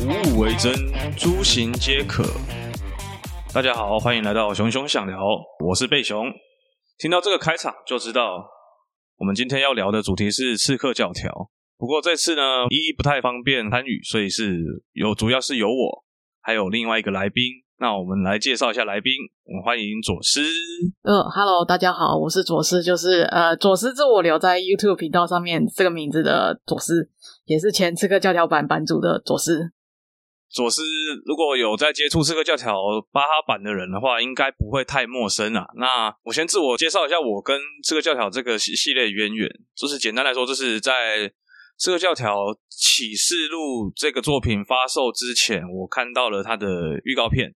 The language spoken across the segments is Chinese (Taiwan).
無物為真，諸行皆可。大家好，歡迎來到熊熊想聊，我是貝熊。聽到這個開場就知道。我們今天要聊的主題是刺客教條，不過這次呢，一一不太方便參與，所以是，有，主要是有我，還有另外一個來賓。那我們來介紹一下來賓，我們歡迎佐斯。呃，Hello，大家好，我是佐斯，就是，呃，佐斯是我留在 YouTube 頻道上面這個名字的佐斯，也是前刺客教條版版主的佐斯佐斯如果有在接觸刺客教條巴哈版的人的話，應該不會太陌生啊。那我先自我介紹一下，我跟刺客教條這個系系列淵源，就是簡單來說，就是在《刺客教條啟示錄》這個作品發售之前，我看到了它的預告片，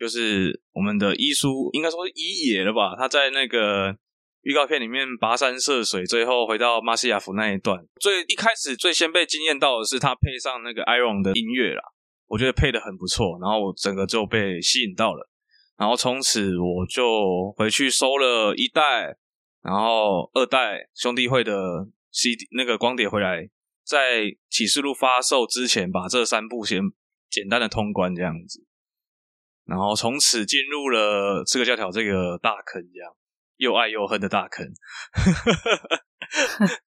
就是我們的 E 叔，應該說是 E 爺了吧？他在那個預告片裡面跋山涉水，最後回到馬西亞夫那一段。最一開始最先被驚豔到的是他配上那個 Iron 的音樂啦。我覺得配的很不錯，然後我整個就被吸引到了，然後從此我就回去收了一代，然後二代兄弟會的 CD 那個光碟回來，在啟示錄發售之前把這三部先簡單的通關這樣子，然後從此進入了這個教條這個大坑，這樣又愛又恨的大坑。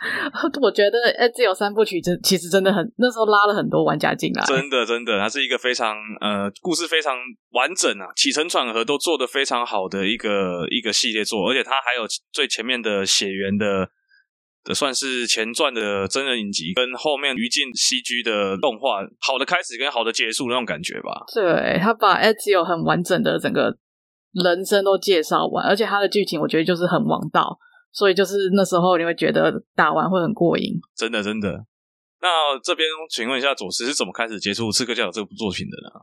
我覺得 Ezio 三部曲，真其實真的很那時候拉了很多玩家進來，真的真的，它是一個非常呃故事非常完整啊，起承轉合都做得非常好的一個一個系列作，而且它還有最前面的血緣的，算是前傳的真人影集，跟後面餘燼 CG 的動畫，好的開始跟好的結束那種感覺吧。對，他把 Ezio 很完整的整個人生都介紹完，而且他的劇情我覺得就是很王道。所以就是那時候，你會覺得打完會很過癮，真的真的。那這邊請問一下，佐斯是怎麼開始接觸《刺客教條》這部作品的呢？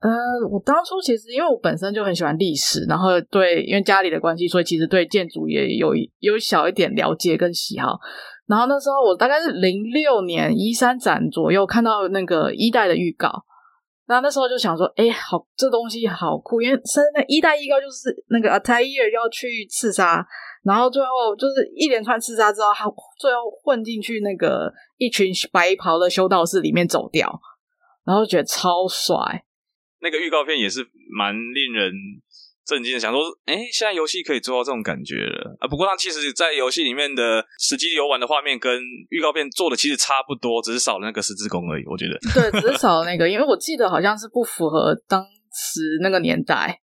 呃，我當初其實因為我本身就很喜歡歷史，然後對，因為家裡的關係，所以其實對建築也有有小一點了解跟喜好。然後那時候我大概是零六年一三展左右看到那個一代的預告，那那時候就想說，哎、欸，好，這東西好酷，因為生那一代預告就是那個阿泰爾要去刺殺。然後最後就是一連串刺殺之後，他最後混進去那個一群白袍的修道士裡面走掉，然後覺得超帥、欸。那個預告片也是蠻令人震驚的，想說，哎，現在遊戲可以做到這種感覺了啊！不過他其實，在遊戲裡面的實際遊玩的畫面跟預告片做的其實差不多，只是少了那個十字弓而已。我覺得對，只是少了那個， 因為我記得好像是不符合當時那個年代，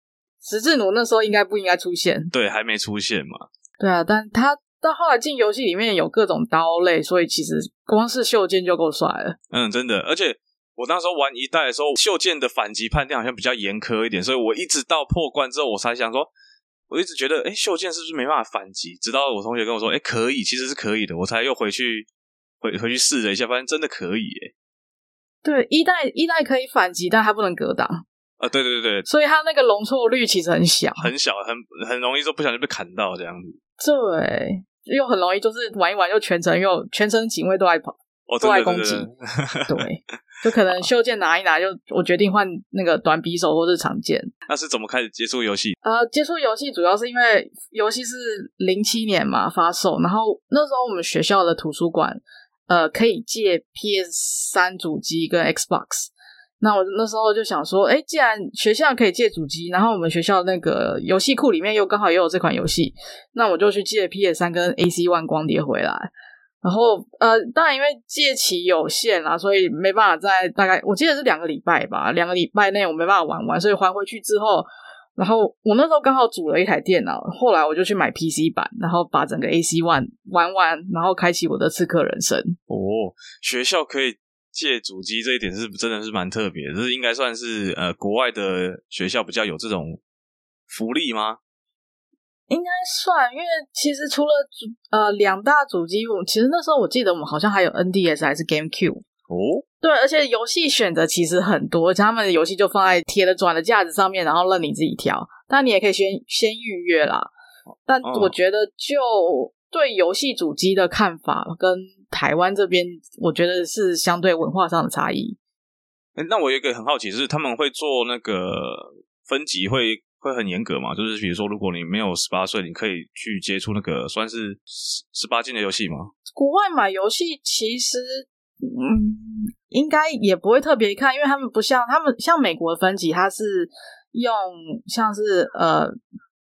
十字弩那時候應該不應該出現？對，還沒出現嘛。對啊，但他到後來進遊戲裡面有各種刀類，所以其實光是袖劍就夠帥了。嗯，真的。而且我那時候玩一代的時候，袖劍的反擊判定好像比較嚴苛一點，所以我一直到破關之後，我才想說，我一直覺得，哎、欸，袖劍是不是沒辦法反擊？直到我同學跟我說，哎、欸，可以，其實是可以的，我才又回去回回去試了一下，發現真的可以。哎，對，一代一代可以反擊，但他不能格擋。啊，對對對對，所以他那個容錯率其實很小，很小，很很容易說不小心被砍到這樣子。對，又很容易，就是玩一玩，又全程又全程警衛都在跑，哦、都在攻擊， 對，就可能袖劍拿一拿就，就我決定換那個短匕首或是長劍。那是怎麼開始接觸遊戲？呃，接觸遊戲主要是因為遊戲是零七年嘛發售，然後那時候我們學校的圖書館，呃，可以借 PS 三主機跟 Xbox。那我那時候就想說，哎、欸，既然學校可以借主機，然後我們學校那個遊戲庫裡面又剛好也有這款遊戲，那我就去借 PS3 跟 AC One 光碟回來。然後，呃，當然因為借期有限啦，所以沒辦法在大概我記得是兩個禮拜吧，兩個禮拜內我沒辦法玩完，所以還回去之後，然後我那時候剛好組了一台電腦，後來我就去買 PC 版，然後把整個 AC One 玩完，然後開啟我的刺客人生。哦，學校可以。借主機這一點是真的是蠻特別的，就是應該算是呃國外的學校比較有這種福利嗎？應該算，因為其實除了主呃兩大主機，我其實那時候我記得我們好像還有 NDS 還是 GameCube 哦，對，而且遊戲選擇其實很多，他們的遊戲就放在貼的轉的架子上面，然後讓你自己挑，但你也可以先先預約啦，哦、但我覺得就對遊戲主機的看法跟。台灣這邊，我覺得是相對文化上的差異。欸，那我有一個很好奇是，是他們會做那個分級會會會很嚴格嗎？就是比如說，如果你沒有十八歲，你可以去接觸那個算是十八禁的遊戲嗎？國外買遊戲其實嗯，應該也不會特別看，因為他們不像他們像美國的分級，它是用像是呃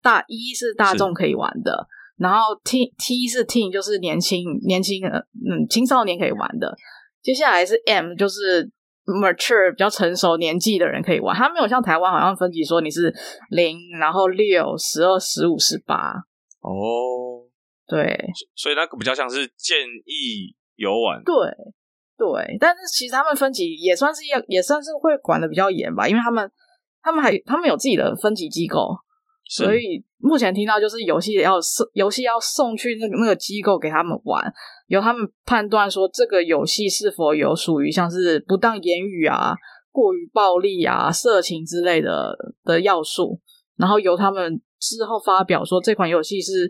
大一是大眾可以玩的。然後 T T 是 Teen，就是年輕年輕的嗯青少年可以玩的。接下來是 M，就是 Mature 比較成熟年紀的人可以玩。他沒有像台灣好像分級說你是零，然後六、oh, 對、十二、十五、十八。哦，對，所以那個比較像是建議遊玩。對對，但是其實他們分級也算是也也算是會管的比較嚴吧，因為他們他們還他們有自己的分級機構。所以目前聽到就是遊戲也要送，遊戲要送去那個那個機構給他們玩，由他們判斷說這個遊戲是否有屬於像是不當言語啊、過於暴力啊、色情之類的的要素，然後由他們之後發表說這款遊戲是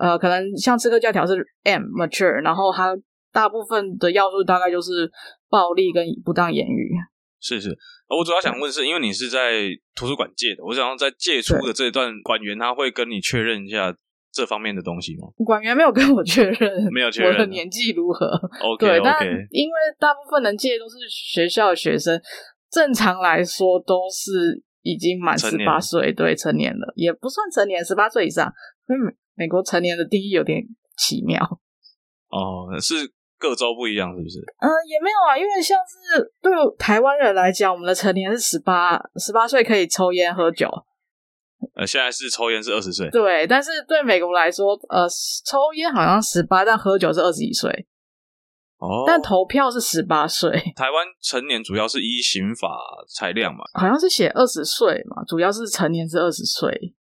呃，可能像《刺客教條》是 M mature，然後它大部分的要素大概就是暴力跟不當言語。是是、哦，我主要想問是因為你是在圖書館借的，我想要在借出的這一段館員，館員對他會跟你確認一下這方面的東西嗎？館員沒有跟我確認，沒有確認我的年紀如何。OK 對，okay。但因為大部分人借都是學校的學生，正常來說都是已經滿十八歲，對，成年了也不算成年，十八歲以上。嗯，美國成年的定義有點奇妙哦，是。各州不一樣，是不是？嗯、呃，也沒有啊，因為像是對台灣人來講，我們的成年是十八，十八歲可以抽煙喝酒。呃，現在是抽煙是二十歲，對，但是對美國來說，呃，抽煙好像十八，但喝酒是二十一歲。哦，但投票是十八歲。台灣成年主要是依刑法裁量嘛，好像是寫二十歲嘛，主要是成年是二十歲。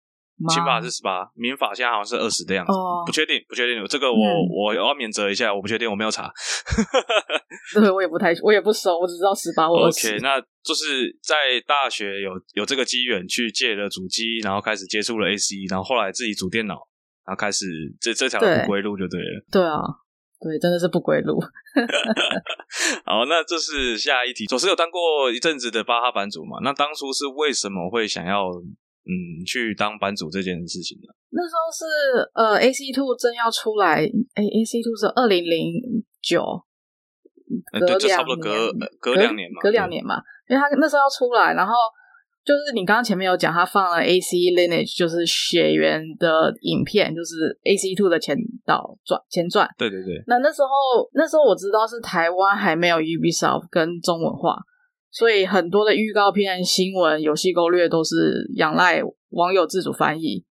刑法是十八，民法現在好像是二十的樣子，哦、不確定，不確定，這個我、嗯、我要免責一下，我不確定，我沒有查， 對我也不太，我也不熟，我只知道十八，我。OK，那就是在大學有有這個機緣去借了主機，然後開始接觸了 AC，然後後來自己組電腦，然後開始這這條不歸路就對了。對啊、哦，對，真的是不歸路。 好，那這是下一題。佐斯是有當過一陣子的巴哈版主嘛？那當初是為什麼會想要？嗯，去當版主這件事情的那時候是呃，AC Two 真要出來，哎、欸、AC Two 是二零零九，隔、欸、差不多隔隔兩年嘛，隔兩年嘛，對因為他那時候要出來，然後就是你剛剛前面有講，他放了 AC Lineage，就是血緣的影片，就是 AC Two 的前導前傳。對對對。那那時候，那時候我知道是台灣還沒有 Ubisoft 跟中文化。所以很多的預告片、新聞、遊戲攻略，都是仰賴網友自主翻譯。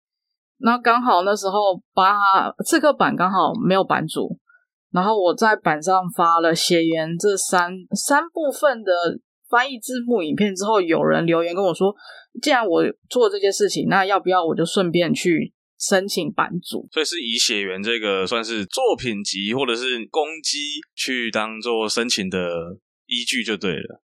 那剛好那時候，巴刺客版剛好沒有版主，然後我在版上發了血源這三三部分的翻譯字幕影片之後，有人留言跟我說：“既然我做這件事情，那要不要我就順便去申請版主？”所以是以血源這個算是作品集或者是攻擊去當做申請的依據就對了。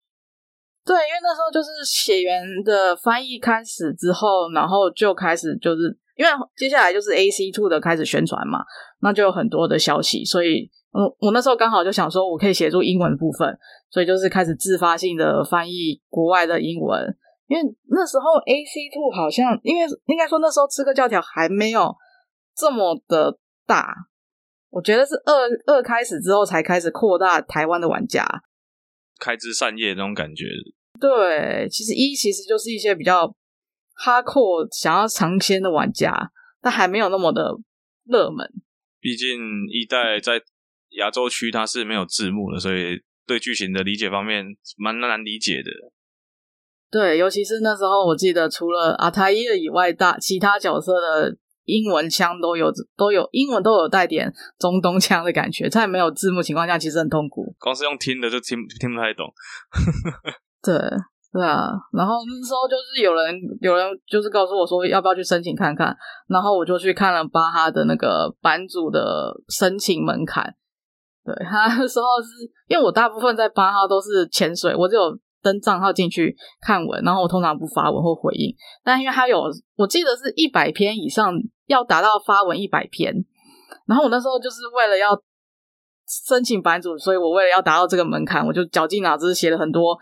對，因為那時候就是寫員的翻譯開始之後，然後就開始就是因為接下來就是 A C Two 的開始宣傳嘛，那就有很多的消息，所以，我我那時候剛好就想說，我可以協助英文部分，所以就是開始自發性的翻譯國外的英文，因為那時候 A C Two 好像因為應該說那時候刺客教條還沒有這麼的大，我覺得是二二開始之後才開始擴大台灣的玩家。開枝散葉那種感覺，對，其實一、e、其實就是一些比較 hardcore 想要嘗鮮的玩家，但還沒有那麼的熱門。畢竟一代在亞洲區它是沒有字幕的，所以對劇情的理解方面蠻難理解的。對，尤其是那時候，我記得除了阿泰葉以外，大其他角色的。英文腔都有都有，英文都有帶點中東腔的感覺，在沒有字幕情況下，其實很痛苦。光是用聽的就聽聽不太懂。 對，對啊。然後那時候就是有人有人就是告訴我說，要不要去申請看看？然後我就去看了巴哈的那個版主的申請門檻。對，他那時候是因為我大部分在巴哈都是潛水，我只有登賬號進去看文，然後我通常不發文或回應。但因為他有，我記得是一百篇以上。要達到發文一百篇，然後我那時候就是為了要申請版主，所以我為了要達到這個門檻，我就絞盡腦汁寫了很多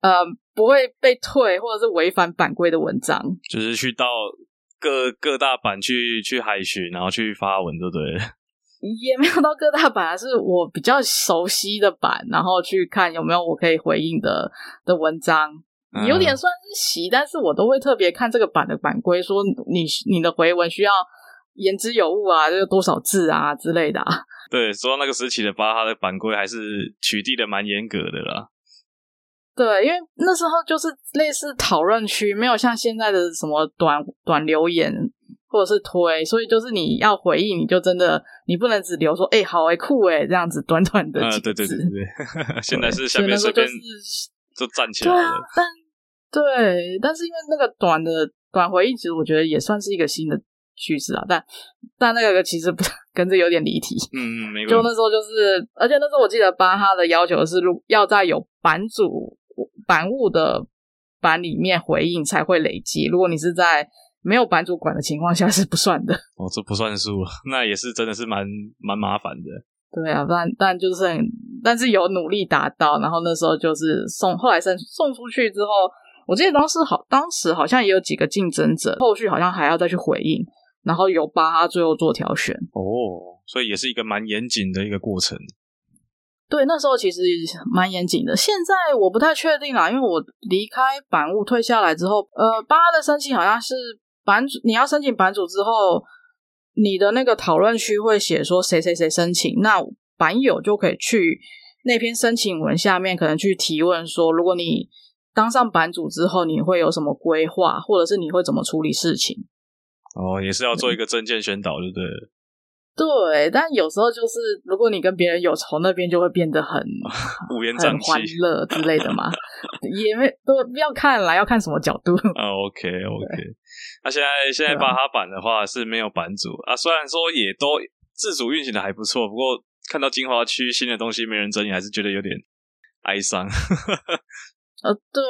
呃不會被退或者是違反版規的文章，就是去到各各大版去去海巡，然後去發文就對，對不對？也沒有到各大版，而是我比較熟悉的版，然後去看有沒有我可以回應的的文章。有點算是習，但是我都會特別看這個版的版規，說你你的回文需要言之有物啊，個、就是、多少字啊之類的、啊。對，說到那個時期的巴哈它的版規還是取締的蠻嚴格的啦。對，因為那時候就是類似討論區，沒有像現在的什麼短短留言或者是推，所以就是你要回憶，你就真的你不能只留說哎、欸、好哎、欸、酷哎、欸、這樣子短短的句子、啊。對對對對， 現在是下面隨便對、就是、就站起來了。對，但是因為那個短的短回應，其實我覺得也算是一個新的趨勢啊。但但那個其實不跟這有點離題，嗯，沒錯。就那時候就是，而且那時候我記得巴哈的要求是，如要在有版主版務的版裡面回應才會累積，如果你是在沒有版主管的情況下是不算的。哦，這不算數，那也是真的是蠻蠻麻煩的。對啊，但但就是，但是有努力達到，然後那時候就是送，後來送送出去之後。我記得當時好，當時好像也有幾個競爭者，後續好像還要再去回應，然後由巴哈最後做挑選。哦，oh, 所以也是一個蠻嚴謹的一個過程。對，那時候其實也蠻嚴謹的。現在我不太確定啦，因為我離開版務退下來之後，呃，巴哈的申請好像是版主，你要申請版主之後，你的那個討論區會寫說誰誰誰申請，那版友就可以去那篇申請文下面可能去提問說，如果你，當上版主之後，你會有什麼規劃，或者是你會怎麼處理事情？哦，也是要做一個政見宣導對，對不對，但有時候就是，如果你跟別人有仇，那邊就會變得很烏煙瘴氣、歡樂之類的嘛。 也沒都不要看，來要看什麼角度。OK，OK 那現在現在巴哈版的話是沒有版主啊,啊，雖然說也都自主運行的還不錯，不過看到金華區新的東西沒人整理，還是覺得有點哀傷。 呃，對，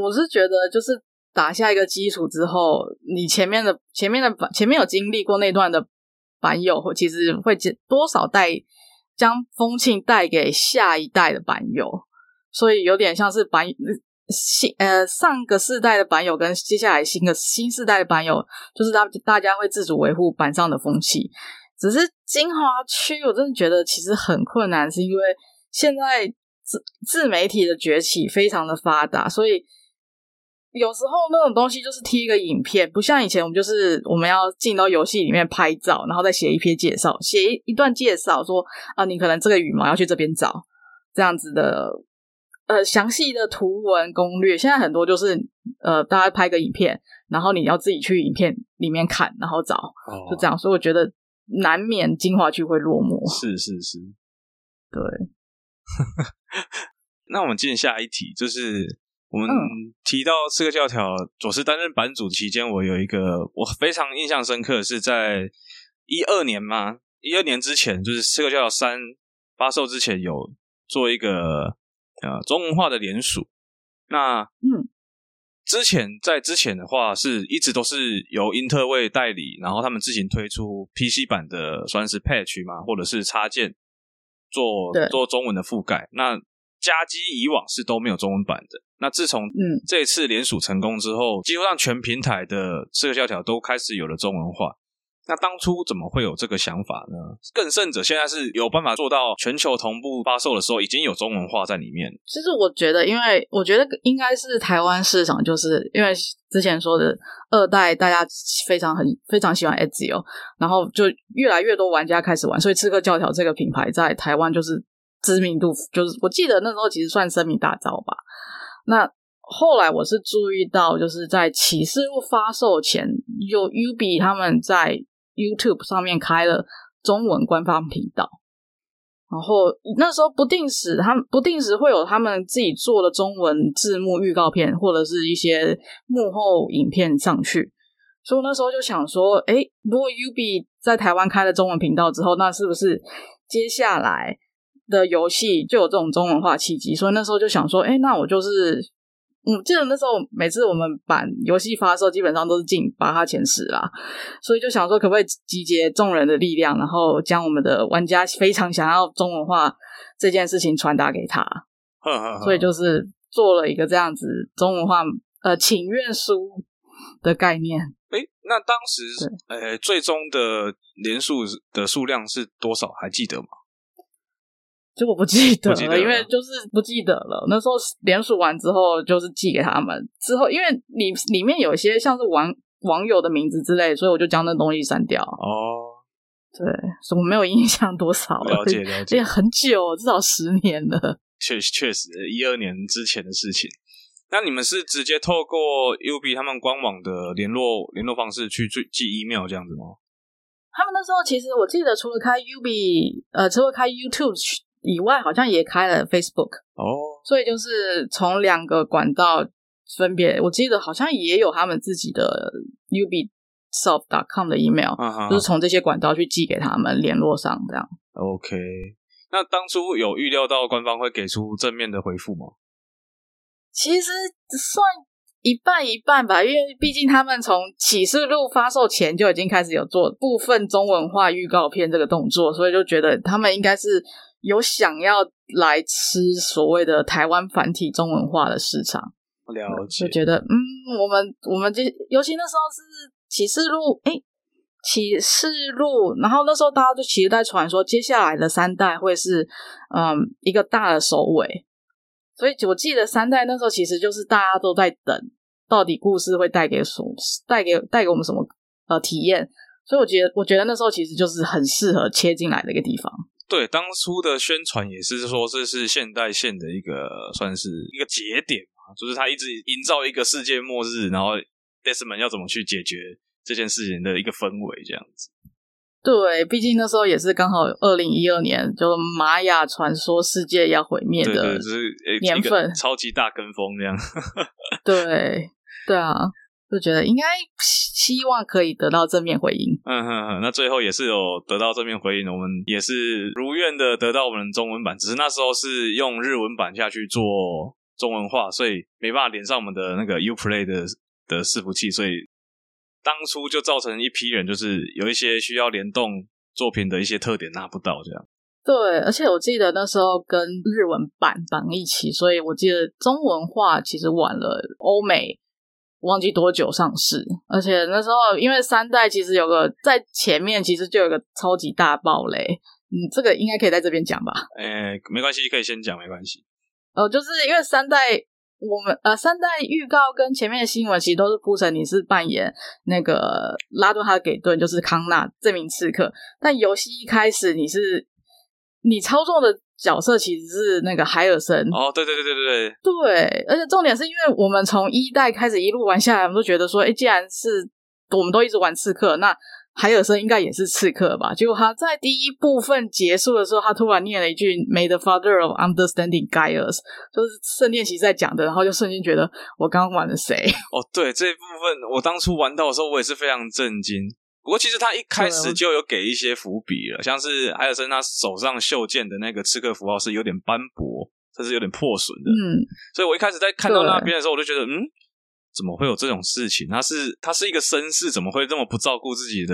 我是覺得就是打下一個基礎之後，你前面的前面的前面有經歷過那段的板友，其實會多少帶將風氣帶給下一代的板友，所以有點像是板新呃上個世代的板友跟接下來新的新世代的板友，就是大大家會自主維護板上的風氣。只是精華區，我真的覺得其實很困難，是因為現在。自自媒體的崛起非常的發達，所以有時候那種東西就是貼一個影片，不像以前我們就是我們要進到遊戲裡面拍照，然後再寫一篇介紹，寫一段介紹說啊，你可能這個羽毛要去這邊找，這樣子的呃詳細的圖文攻略。現在很多就是呃大家拍個影片，然後你要自己去影片裡面看，然後找，哦，就這樣。所以我覺得難免精華區會落幕。是是是，對。 那我們進下一題，就是我們提到刺客教條。佐斯擔任版主期間，我有一個我非常印象深刻，是在一二年嘛，一二年之前，就是刺客教條三發售之前，有做一個呃中文化的聯署。那嗯，之前在之前的話，是一直都是由英特衛代理，然後他們自行推出 PC 版的，算是 patch 嘛，或者是插件。做做中文的覆蓋，對那家機以往是都沒有中文版的，那自從嗯，這一次聯署成功之後，幾乎讓全平台的刺客教條都開始有了中文化。那當初怎麼會有這個想法呢？更甚者，現在是有辦法做到全球同步發售的時候，已經有中文化在裡面。其實我覺得，因為我覺得應該是台灣市場，就是因為之前說的二代，大家非常很非常喜歡 Ezio 然後就越來越多玩家開始玩，所以刺客教條這個品牌在台灣就是知名度，就是我記得那時候其實算聲名大噪吧。那後來我是注意到，就是在啟示錄發售前，有 UB 他們在。YouTube 上面開了中文官方頻道，然後那時候不定時，他們不定時會有他們自己做的中文字幕預告片或者是一些幕後影片上去，所以我那時候就想說，哎、欸，如果 Ubi 在台灣開了中文頻道之後，那是不是接下來的遊戲就有這種中文化契機？所以那時候就想說，哎、欸，那我就是。嗯，記得那時候，每次我們版遊戲發售，基本上都是進巴哈前十啦，所以就想說，可不可以集結眾人的力量，然後將我們的玩家，非常想要中文化這件事情傳達給他，呵呵呵，所以就是做了一個這樣子中文化呃請願書的概念。誒、欸，那當時呃對、欸、最終的聯署的數量是多少？還記得嗎？就我不記得了，得了因為就是不記得了。那時候聯署完之後，就是寄給他們。之後因為你裡面有一些像是網網友的名字之類，所以我就將那東西刪掉。哦，對，所以我沒有印象多少了解。了解了解、欸，很久，至少十年了。確實確實，一二年之前的事情。那你們是直接透過 UB 他們官網的聯絡聯絡方式去寄寄 email 這樣子嗎？他們那時候其實我記得，除了開 UB，呃，除了開 YouTube。以外，好像也開了 Facebook 哦，oh. 所以就是從兩個管道分別，我記得好像也有他們自己的 ubisoft.com 的 email，、啊啊啊、就是從這些管道去寄給他們聯絡上這樣。OK，那當初有預料到官方會給出正面的回覆嗎？其實算一半一半吧，因為畢竟他們從啟示錄發售前就已經開始有做部分中文化預告片這個動作，所以就覺得他們應該是。有想要來吃所謂的台灣繁體中文化的市場，了解，就覺得嗯，我們我們這尤其那時候是啟示錄，哎、欸，啟示錄，然後那時候大家就其實在傳說，接下來的三代會是嗯一個大的收尾，所以我記得三代那時候其實就是大家都在等，到底故事會帶給所，帶給帶給我們什麼呃體驗，所以我覺得我覺得那時候其實就是很適合切進來的一個地方。對，當初的宣傳也是說這是現代線的一個，算是一個節點嘛，就是他一直營造一個世界末日，然後 Desmond 要怎麼去解決這件事情的一個氛圍，這樣子。對，畢竟那時候也是剛好二零一二年，就瑪雅傳說世界要毀滅的對對，就是年份超級大跟風那樣。 對，對啊。就覺得應該希望可以得到正面回應。嗯哼哼，那最後也是有得到正面回應，我們也是如願的得到我們中文版，只是那時候是用日文版下去做中文化，所以沒辦法連上我們的那個 UPlay 的的伺服器，所以當初就造成一批人就是有一些需要聯動作品的一些特點拿不到這樣。對，而且我記得那時候跟日文版綁一起，所以我記得中文化其實晚了歐美，忘記多久上市，而且那時候因為三代其實有個在前面，其實就有個超級大爆雷。嗯，這個應該可以在這邊講吧？誒、欸，沒關係，可以先講，沒關係。呃，就是因為三代，我們呃三代預告跟前面的新聞其實都是鋪陳你是扮演那個拉頓哈給頓，就是康納這名刺客。但遊戲一開始你是。你操縱的角色其實是那個海爾森哦，對對對對對對，對，而且重點是因為我們從一代開始一路玩下來，我們都覺得說，哎，既然是我們都一直玩刺客，那海爾森應該也是刺客吧？結果他在第一部分結束的時候，他突然念了一句 “May the Father of Understanding Guide Us”，就是聖殿騎士在講的，然後就瞬間覺得我剛剛玩了誰？哦，對，這一部分我當初玩到的時候，我也是非常震驚。不過，其實他一開始就有給一些伏筆了，啊、像是艾爾森他手上袖劍的那個刺客符號是有點斑駁，甚至有點破損的。嗯，所以我一開始在看到那邊的時候，我就覺得，對 嗯，怎麼會有這種事情？他是他是一個紳士，怎麼會這麼不照顧自己的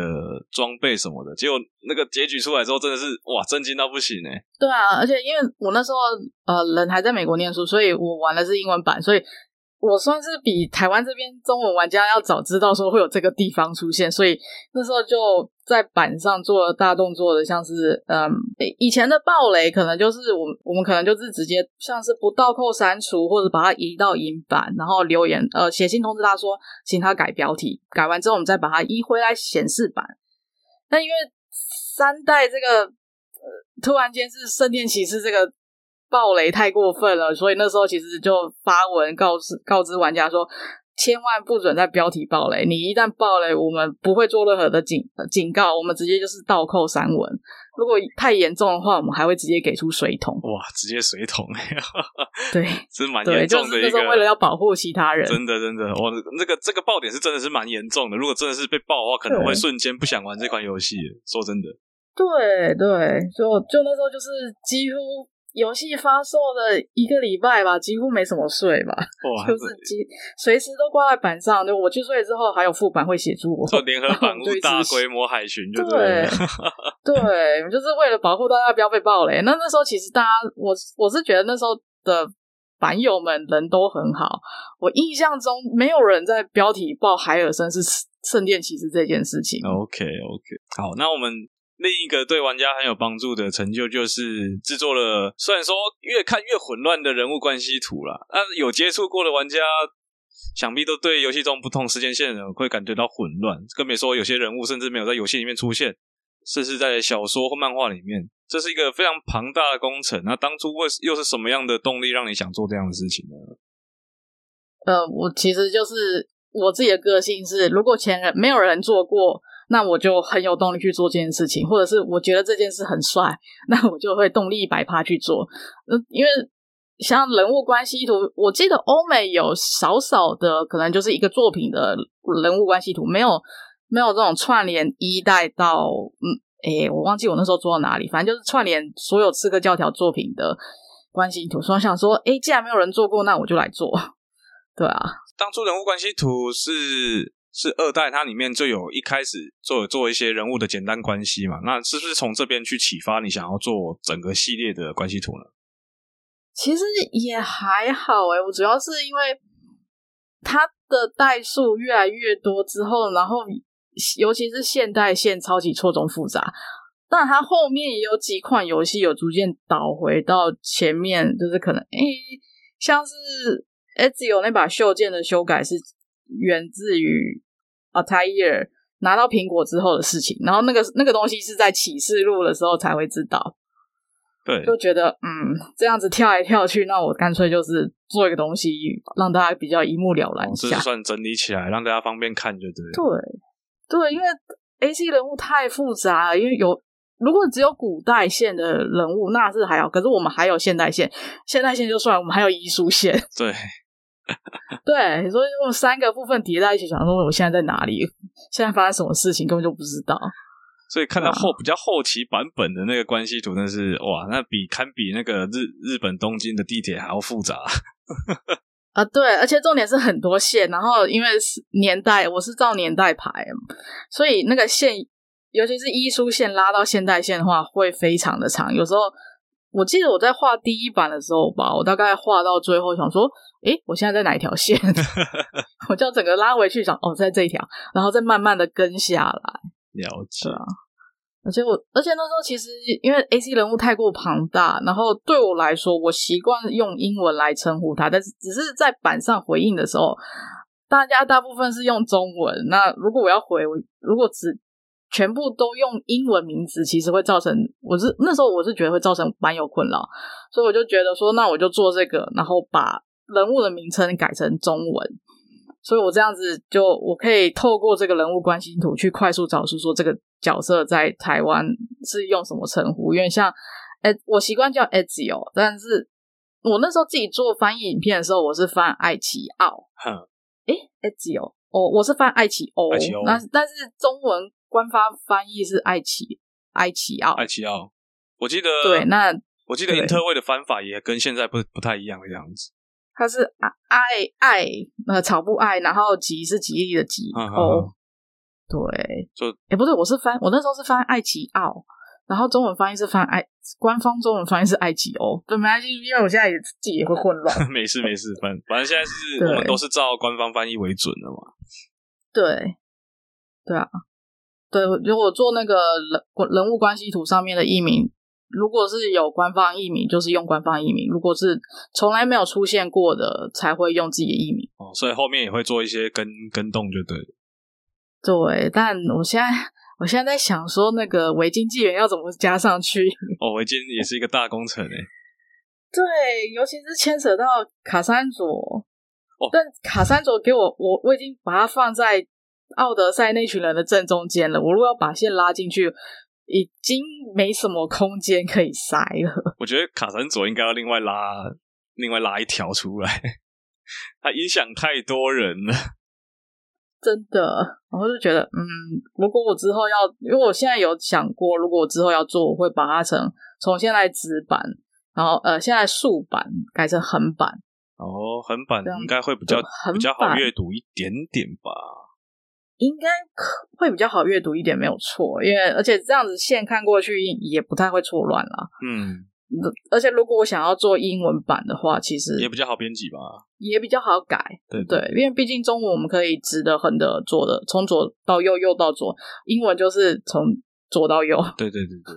裝備什麼的？結果那個結局出來之後，真的是哇，震驚到不行哎、欸！對啊，而且因為我那時候呃，人還在美國念書，所以我玩的是英文版，所以。我算是比台灣這邊中文玩家要早知道說會有這個地方出現，所以那時候就在板上做了大動作的，像是嗯，以前的爆雷可能就是我們我們可能就是直接像是不倒扣刪除或者把它移到隱板，然後留言呃寫信通知他說，請他改標題，改完之後我們再把它移回來顯示版。那因為三代這個呃突然間是聖殿騎士這個。暴雷太過分了，所以那時候其實就發文告知告知玩家說，千萬不准在標題暴雷。你一旦暴雷，我們不會做任何的警警告，我們直接就是倒扣三文。如果太嚴重的話，我們還會直接給出水桶。哇，直接水桶呀！哈哈，對，是蠻嚴重的一個。對，就是那時候為了要保護其他人，真的真的，我那個這個爆點是真的是蠻嚴重的。如果真的是被爆的話，可能會瞬間不想玩這款遊戲。對說真的，對對，就就那時候就是幾乎。遊戲發售的一個禮拜吧，幾乎沒什麼睡吧，哇塞就是幾隨時都掛在板上。就我去睡之後，還有副板會協助我說聯合版物，最大規模海巡，就對對，就是為了保護大家不要被暴雷。那 那時候其實大家，我我是覺得那時候的板友們人都很好。我印象中沒有人在標題報海爾森是聖殿騎士這件事情。OK OK，好，那我們。另一個對玩家很有幫助的成就，就是製作了雖然說越看越混亂的人物關係圖了。那有接觸過的玩家，想必都對遊戲中不同的時間線會感覺到混亂，更別說有些人物甚至沒有在遊戲裡面出現，甚至在小說或漫畫裡面。這是一個非常龐大的工程。那當初為又是什麼樣的動力讓你想做這樣的事情呢？呃，我其實就是我自己的個性是，如果前人沒有人做過。那我就很有動力去做這件事情，或者是我覺得這件事很帥，那我就會動力一百趴去做。嗯，因為像人物關係圖，我記得歐美有少少的，可能就是一個作品的人物關係圖，沒有沒有這種串聯一代到嗯，哎、欸，我忘記我那時候做到哪裡，反正就是串聯所有刺客教條作品的關係圖。所以我想說，哎、欸，既然沒有人做過，那我就來做。對啊，當初人物關係圖是。是二代，它裡面就有一開始做做一些人物的簡單關係嘛。那是不是從這邊去啟發你想要做整個系列的關係圖呢？其實也還好誒，我主要是因為它的代數越來越多之後，然後尤其是現代線超級錯綜複雜，但它後面也有幾款遊戲有逐漸倒回到前面，就是可能誒，像是 Ezio 那把袖劍的修改是。源自於啊，Altair 拿到蘋果之後的事情，然後那個那個東西是在啟示錄的時候才會知道。對，就覺得嗯，這樣子跳來跳去，那我乾脆就是做一個東西，讓大家比較一目了然，哦、是，算整理起來讓大家方便看，就對。對對，因為 AC 人物太複雜了，因為有如果只有古代線的人物那是還好，可是我們還有現代線，現代線就算，我們還有伊述線，對。 對，所以用三個部分疊在一起，想說，我現在在哪裡，現在發生什麼事情，根本就不知道。所以看到後 比較後期版本的那個關係圖那是，真是哇，那比堪比那個日日本東京的地鐵還要複雜啊， 啊！對，而且重點是很多線，然後因為年代，我是照年代排，所以那個線，尤其是一出線拉到現代線的話，會非常的長，有時候。我記得我在畫第一版的時候吧，我大概畫到最後，想說，誒、欸，我現在在哪一條線？ 我就整個拉回去，想，哦，在這一條，然後再慢慢的跟下來。了解、啊。而且我，而且那時候其實因為 AC 人物太過龐大，然後對我來說，我習慣用英文來稱呼他，但是只是在版上回應的時候，大家大部分是用中文。那如果我要回，如果只。全部都用英文名字，其實會造成，我是，那時候我是覺得會造成蠻有困擾，所以我就覺得說，那我就做這個，然後把人物的名稱改成中文。所以我這樣子就，我可以透過這個人物關係圖去快速找出說這個角色在台灣是用什麼稱呼。因為像哎、欸，我習慣叫艾吉奧，但是我那時候自己做翻譯影片的時候，我是翻愛奇奧。哼、嗯欸，哎、哦，艾吉奧，我我是翻愛奇歐，那但是中文。官方翻譯是愛奇“愛奇奧愛奇奧”，愛奇奧，我記得對。那我記得英特衛的翻法也跟現在不，不太一樣的樣子。他是愛“愛愛呃，那個、草不愛，然後吉是吉利的“吉、啊”是吉利的“吉、啊”。哦，對，就哎以，欸、不是我是翻我那時候是翻“愛奇奧”，然後中文翻譯是翻“愛”，官方中文翻譯是“愛奇歐”。對，沒關係，因為我現在也自己也會混亂。 沒事沒事，反正反正現在是我們對都是照官方翻譯為準的嘛。對，對啊。對，如果做那個人人物關係圖上面的譯名，如果是有官方譯名，就是用官方譯名；如果是從來沒有出現過的，才會用自己的譯名。哦，所以後面也會做一些跟跟動，就對。對，但我現在我現在在想，說那個維京紀元要怎麼加上去？哦，維京也是一個大工程呢、哦。對，尤其是牽扯到卡珊卓。哦。但卡珊卓給我，我我已經把它放在。奧德賽那群人的正中間了。我如果要把線拉進去，已經沒什麼空間可以塞了。我覺得卡神佐應該要另外拉，另外拉一條出來，他影響太多人了。真的，我就覺得，嗯，如果我之後要，因為我現在有想過，如果我之後要做，我會把它成，從現在直板，然後呃，現在豎板改成橫板。哦，橫板對應該會比較對比較好閱讀一點點吧。應該會比較好閱讀一點，沒有錯。因為而且這樣子線看過去也不太會錯亂了。嗯，而且如果我想要做英文版的話，其實也比較好編輯吧，也比較好改。對對，對，對，因為畢竟中文我們可以直的、橫的做的，從左到右，右到左；英文就是從左到右。對對對對。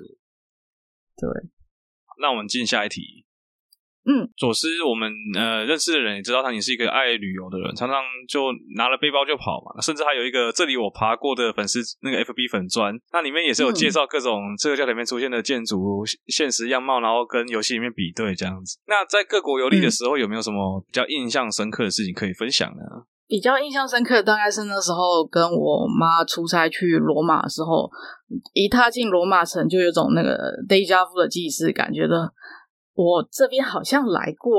對，那我們進下一題。嗯，佐斯，我們呃認識的人也知道他，你是一個愛旅遊的人，常常就拿了背包就跑嘛。甚至還有一個這裡我爬過的粉絲那個 FB 粉專，那裡面也是有介紹各種這個教條裡面出現的建築現實樣貌，然後跟遊戲裡面比對這樣子。那在各國遊歷的時候，有沒有什麼比較印象深刻的事情可以分享呢？嗯嗯、比較印象深刻的大概是那時候跟我媽出差去羅馬的時候，一踏進羅馬城，就有種那個 deja vu 的既視感，覺得。我這邊好像來過，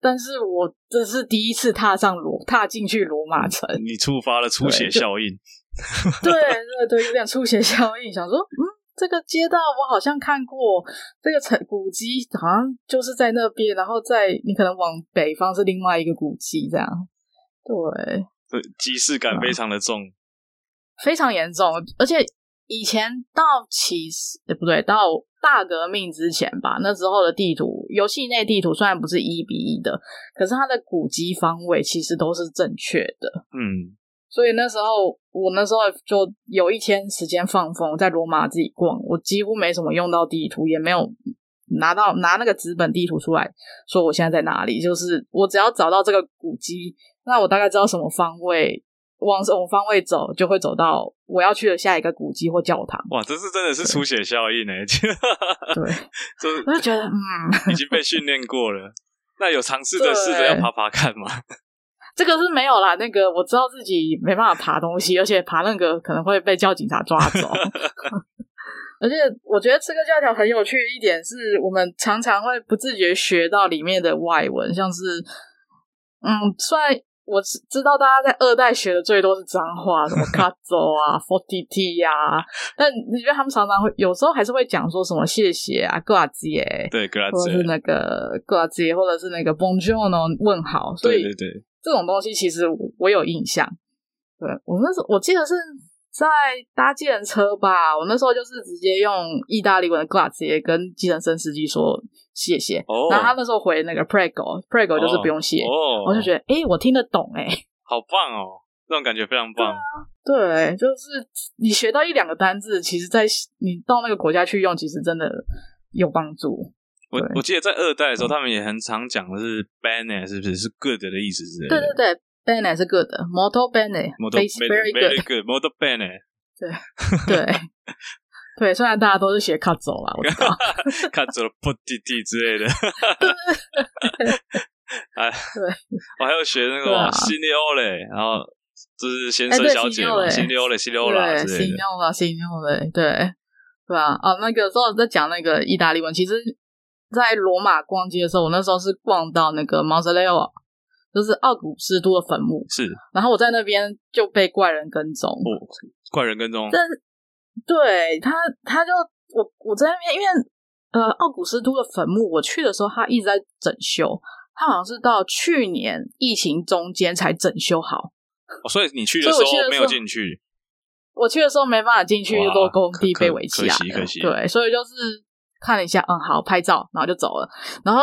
但是我這是第一次踏上羅，踏進去羅馬城，你觸發了出血效應。對，對對對，有點出血效應，想說嗯，這個街道我好像看過，這個城古蹟好像就是在那邊，然後在你可能往北方是另外一個古蹟這樣。對，對，即視感非常的重，嗯，非常嚴重，而且。以前到其實，欸、不對，到大革命之前吧，那時候的地圖，遊戲內地圖雖然不是一比一的，可是它的古蹟方位其實都是正確的。嗯，所以那時候我那時候就有一天時間放風，在羅馬自己逛，我幾乎沒什麼用到地圖，也沒有拿到拿那個紙本地圖出來，說我現在在哪裡，就是我只要找到這個古蹟，那我大概知道什麼方位。往這種方位走，就會走到我要去的下一個古蹟或教堂。哇，這是真的是出血效應呢、欸！對，就是我就覺得，嗯， 已經被訓練過了。 那有嘗試着試着要爬爬看嗎？這個是沒有啦。那個我知道自己沒辦法爬東西， 而且爬那個可能會被叫警察抓走。 而且我覺得這個教條很有趣的一點是，我們常常會不自覺學到裡面的外文，像是嗯，雖然。我知道大家在二代學的最多是髒話，什麼 cazzo 啊、forty t 呀。啊、 但你覺得他們常常會有時候還是會講說什麼謝謝啊、grazie。耶 grazie 對，或是那個 grazie 或者是那個 buongiorno 呢？Bon no、問好。所以對對對，這種東西其實我,我有印象。對我那時候我記得是在搭計程車吧，我那時候就是直接用意大利文的 grazie，跟計程車司機說。.謝謝。Oh, 然後他那時候回那個 Prego, Prego 就是不用謝。Oh, oh, 我就覺得，哎、欸，我聽得懂，哎，好棒哦，這種感覺非常棒。對、啊、對就是你學到一兩個單字，其實在你到那個國家去用，其實真的有幫助。我我記得在二代的時候，對他們也很常講的是 bene 是不是是 good 的，的意思是，是？對對對，bene 是 good，molto bene，very Moto, very good，molto bene。對對。 對，雖然大家都是學卡走了，我靠， 卡走了的，蹦迪迪之類的。 哎，對我還要學那個西尼奧嘞，然後就是先生小姐，西尼奧嘞，西尼奧啦，西尼奧嘞，對，對啊。哦、那個說我在講那個意大利文，其實，在羅馬逛街的時候，我那時候是逛到那個 Mausoleo，就是奧古斯都的墳墓。是，然後我在那邊就被怪人跟蹤，哦、怪人跟蹤。對他，他就我我在那邊，因為呃，奧古斯都的墳墓，我去的時候他一直在整修，他好像是到去年疫情中間才整修好。哦，所以你去的時候，的時候沒有進去。我去的時候沒辦法進去，哇就為工地被圍起來。可惜，可惜。對，所以就是看了一下，嗯，好，拍照，然後就走了。然後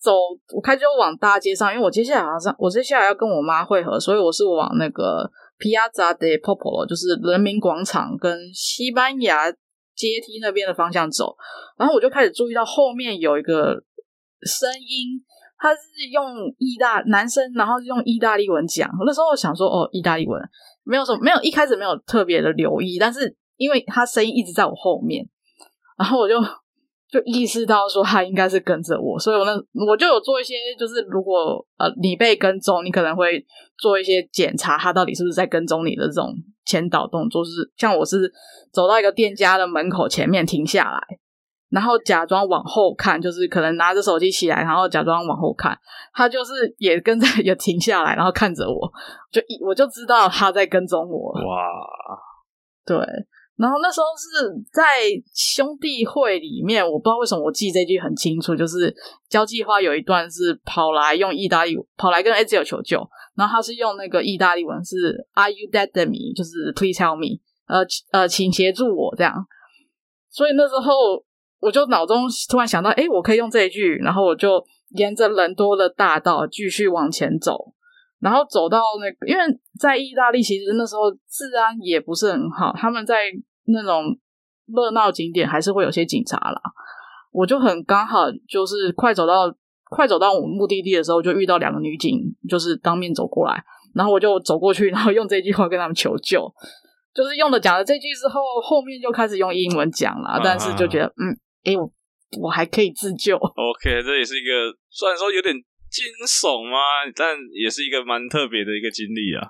走，我開始就往大街上，因為我接下來好像我接下來要跟我媽會合，所以我是往那個。Piazza del Popolo 就是人民廣場，跟西班牙階梯那邊的方向走，然後我就開始注意到後面有一個聲音，他是用意大男生，然後是用意大利文講。那時候我想說哦，意大利文沒有什麼，沒有一開始沒有特別的留意，但是因為他聲音一直在我後面，然後我就。就意識到說他應該是跟着我，所以我那我就有做一些，就是如果呃你被跟蹤，你可能會做一些檢查，他到底是不是在跟蹤你的這種前導動作，就是像我是走到一個店家的門口前面停下來，然後假裝往後看，就是可能拿着手機起來，然後假裝往後看，他就是也跟着也停下來，然後看着我，就我就知道他在跟蹤我了，哇，對。然後那時候是在兄弟會裡面，我不知道為什麼我記這句很清楚，就是交際花有一段是跑來用意大利跑來跟 Ezio 求救，然後他是用那個意大利文是 “Are you dead to me？” 就是 “Please tell me，呃呃，請協助我”這樣。所以那時候我就腦中突然想到，哎，我可以用這一句，然後我就沿着人多的大道繼續往前走，然後走到那個，因為在意大利其實那時候治安也不是很好，他們在。那種熱鬧景點還是會有些警察啦，我就很剛好，就是快走到快走到我目的地的時候，就遇到兩個女警，就是當面走過來，然後我就走過去，然後用這句話跟他們求救，就是用了講了這句之後，後面就開始用英文講了，但是就覺得、uh huh. 嗯，哎、欸、我我還可以自救。OK，這也是一個雖然說有點驚悚嘛、啊，但也是一個蠻特別的一個經歷啊。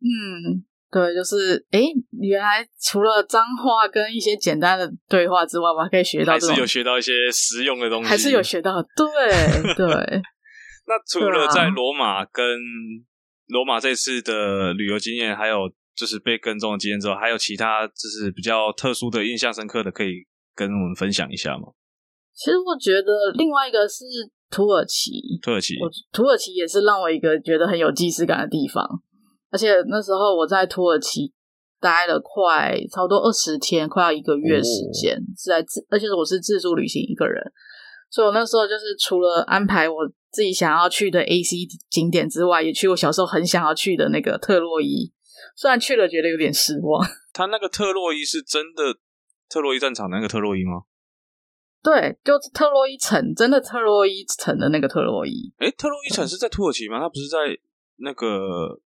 嗯。對，就是哎、欸，原來除了髒話跟一些簡單的對話之外，我還可以學到，還是有學到一些實用的東西，還是有學到。對 對。那除了在羅馬跟羅馬這次的旅遊經驗，啊、還有就是被跟蹤的經驗之後，還有其他就是比較特殊的、印象深刻的，可以跟我們分享一下嗎？其實我覺得，另外一個是土耳其，土耳其，土耳其也是讓我一個覺得很有既視感的地方。而且那時候我在土耳其待了快差不多二十天，快要一個月時間，Oh. 是在自，而且我是自助旅行一個人，所以我那時候就是除了安排我自己想要去的 AC 景點之外，也去我小時候很想要去的那個特洛伊，雖然去了覺得有點失望。他那個特洛伊是真的特洛伊戰場的那個特洛伊嗎？對，就特洛伊城，真的特洛伊城的那個特洛伊。誒、欸，特洛伊城是在土耳其嗎？它不是在？那個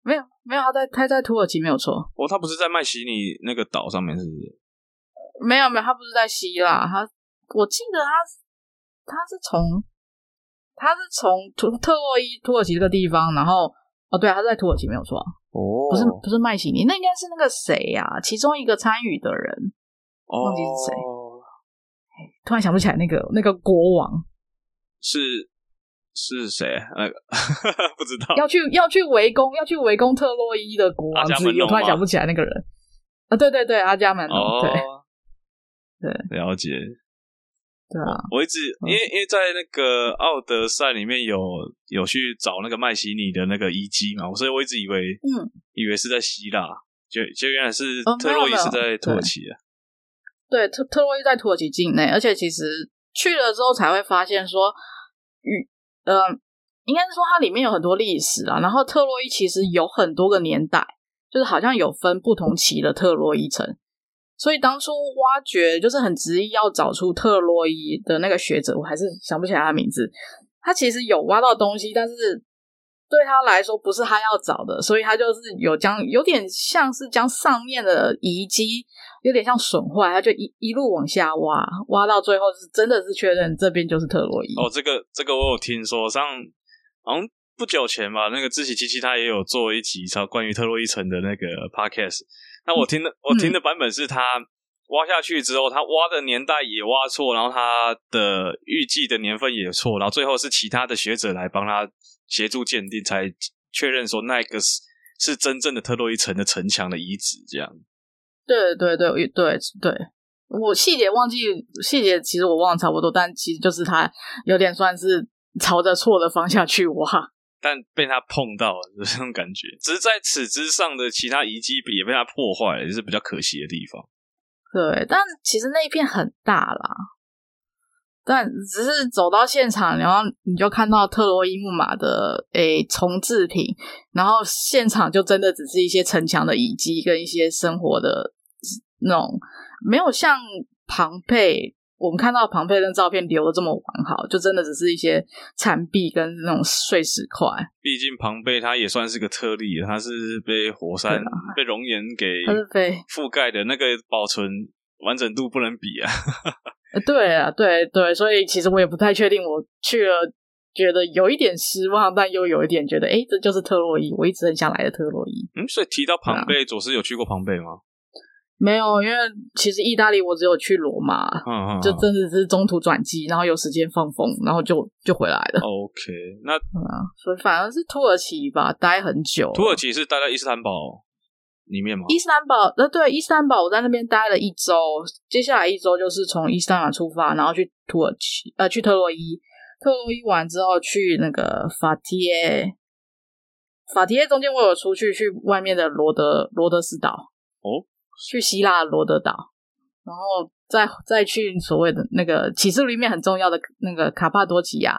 沒有沒有，他在他，在土耳其沒有錯。哦，他不是在麥西尼那個島上面，是不是？沒有沒有，他不是在希臘，他我記得他是他是從他是從土特特洛伊土耳其這個地方，然後哦對、啊、他在土耳其沒有錯。哦，oh. 不是不是麥西尼，那應該是那個誰呀、啊？其中一個參與的人，忘記是誰，oh. 突然想不起來那個那個國王是。是誰？那個 不知道要去要去圍攻要去圍攻特洛伊的國王，自己突然想不起來那個人啊、哦！對對對，阿伽門農、哦。對，了解。對啊，我一直因為、嗯、因為在那個《奧德賽》裡面有有去找那個邁錫尼的那個遺跡嘛，所以我一直以為嗯，以為是在希臘，就就原來是特洛伊是在土耳其、啊哦沒有沒有。對，特特洛伊在土耳其境內，而且其實去了之後才會發現說，嗯，應該是說它裡面有很多歷史啊。然後特洛伊其實有很多個年代，就是好像有分不同期的特洛伊城。所以當初挖掘就是很執意要找出特洛伊的那個學者，我還是想不起來他的名字。他其實有挖到東西，但是對他來說不是他要找的，所以他就是有將有點像是將上面的遺跡。有點像損壞，他就一一路往下挖，挖到最後是真的是確認這邊就是特洛伊。哦，這個這個我有聽說，上好像不久前吧，那個志祺七七他也有做一集，超關於特洛伊城的那個 podcast。那我聽的、嗯、我聽的版本是他挖下去之後，嗯、他挖的年代也挖錯，然後他的預計的年份也錯，然後最後是其他的學者來幫他協助鑑定，才確認說那個是是真正的特洛伊城的城牆的遺址這樣。對對對，對對，我細節忘記細節，其實我忘了差不多，但其實就是他有點算是朝着錯的方向去挖，但被他碰到了這種感覺。只是在此之上的其他遺跡也被他破壞了，也是比較可惜的地方。對，但其實那一片很大啦。但只是走到現場，然後你就看到特洛伊木馬的誒重製品，然後現場就真的只是一些城牆的遺跡跟一些生活的。那種沒有像龐貝，我們看到龐貝的照片留的這麼完好，就真的只是一些殘壁跟那種碎石塊。畢竟龐貝它也算是個特例，它是被火山、啊、被熔岩給覆蓋的，那個保存完整度不能比啊。 對啊，對對，所以其實我也不太確定，我去了覺得有一點失望，但又有一點覺得，哎、欸，這就是特洛伊，我一直很想來的特洛伊。嗯，所以提到龐貝，佐斯有去過龐貝嗎？沒有，因為其實意大利我只有去羅馬，啊啊、就真的是中途轉機，然後有時間放風，然後就就回來了。OK，那、嗯啊、所以反而是土耳其吧，待很久。土耳其是待在伊斯坦堡裡面嗎？伊斯坦堡，那對，伊斯坦堡，我在那邊待了一周，接下來一周就是從伊斯坦堡出發，然後去土耳其，呃，去特洛伊，特洛伊完之後去那個法提耶，法提耶中間我有出去去外面的羅德羅德斯島，哦。去希臘羅德島，然後再再去所謂的那個啟示錄裡面很重要的那個卡帕多奇亞。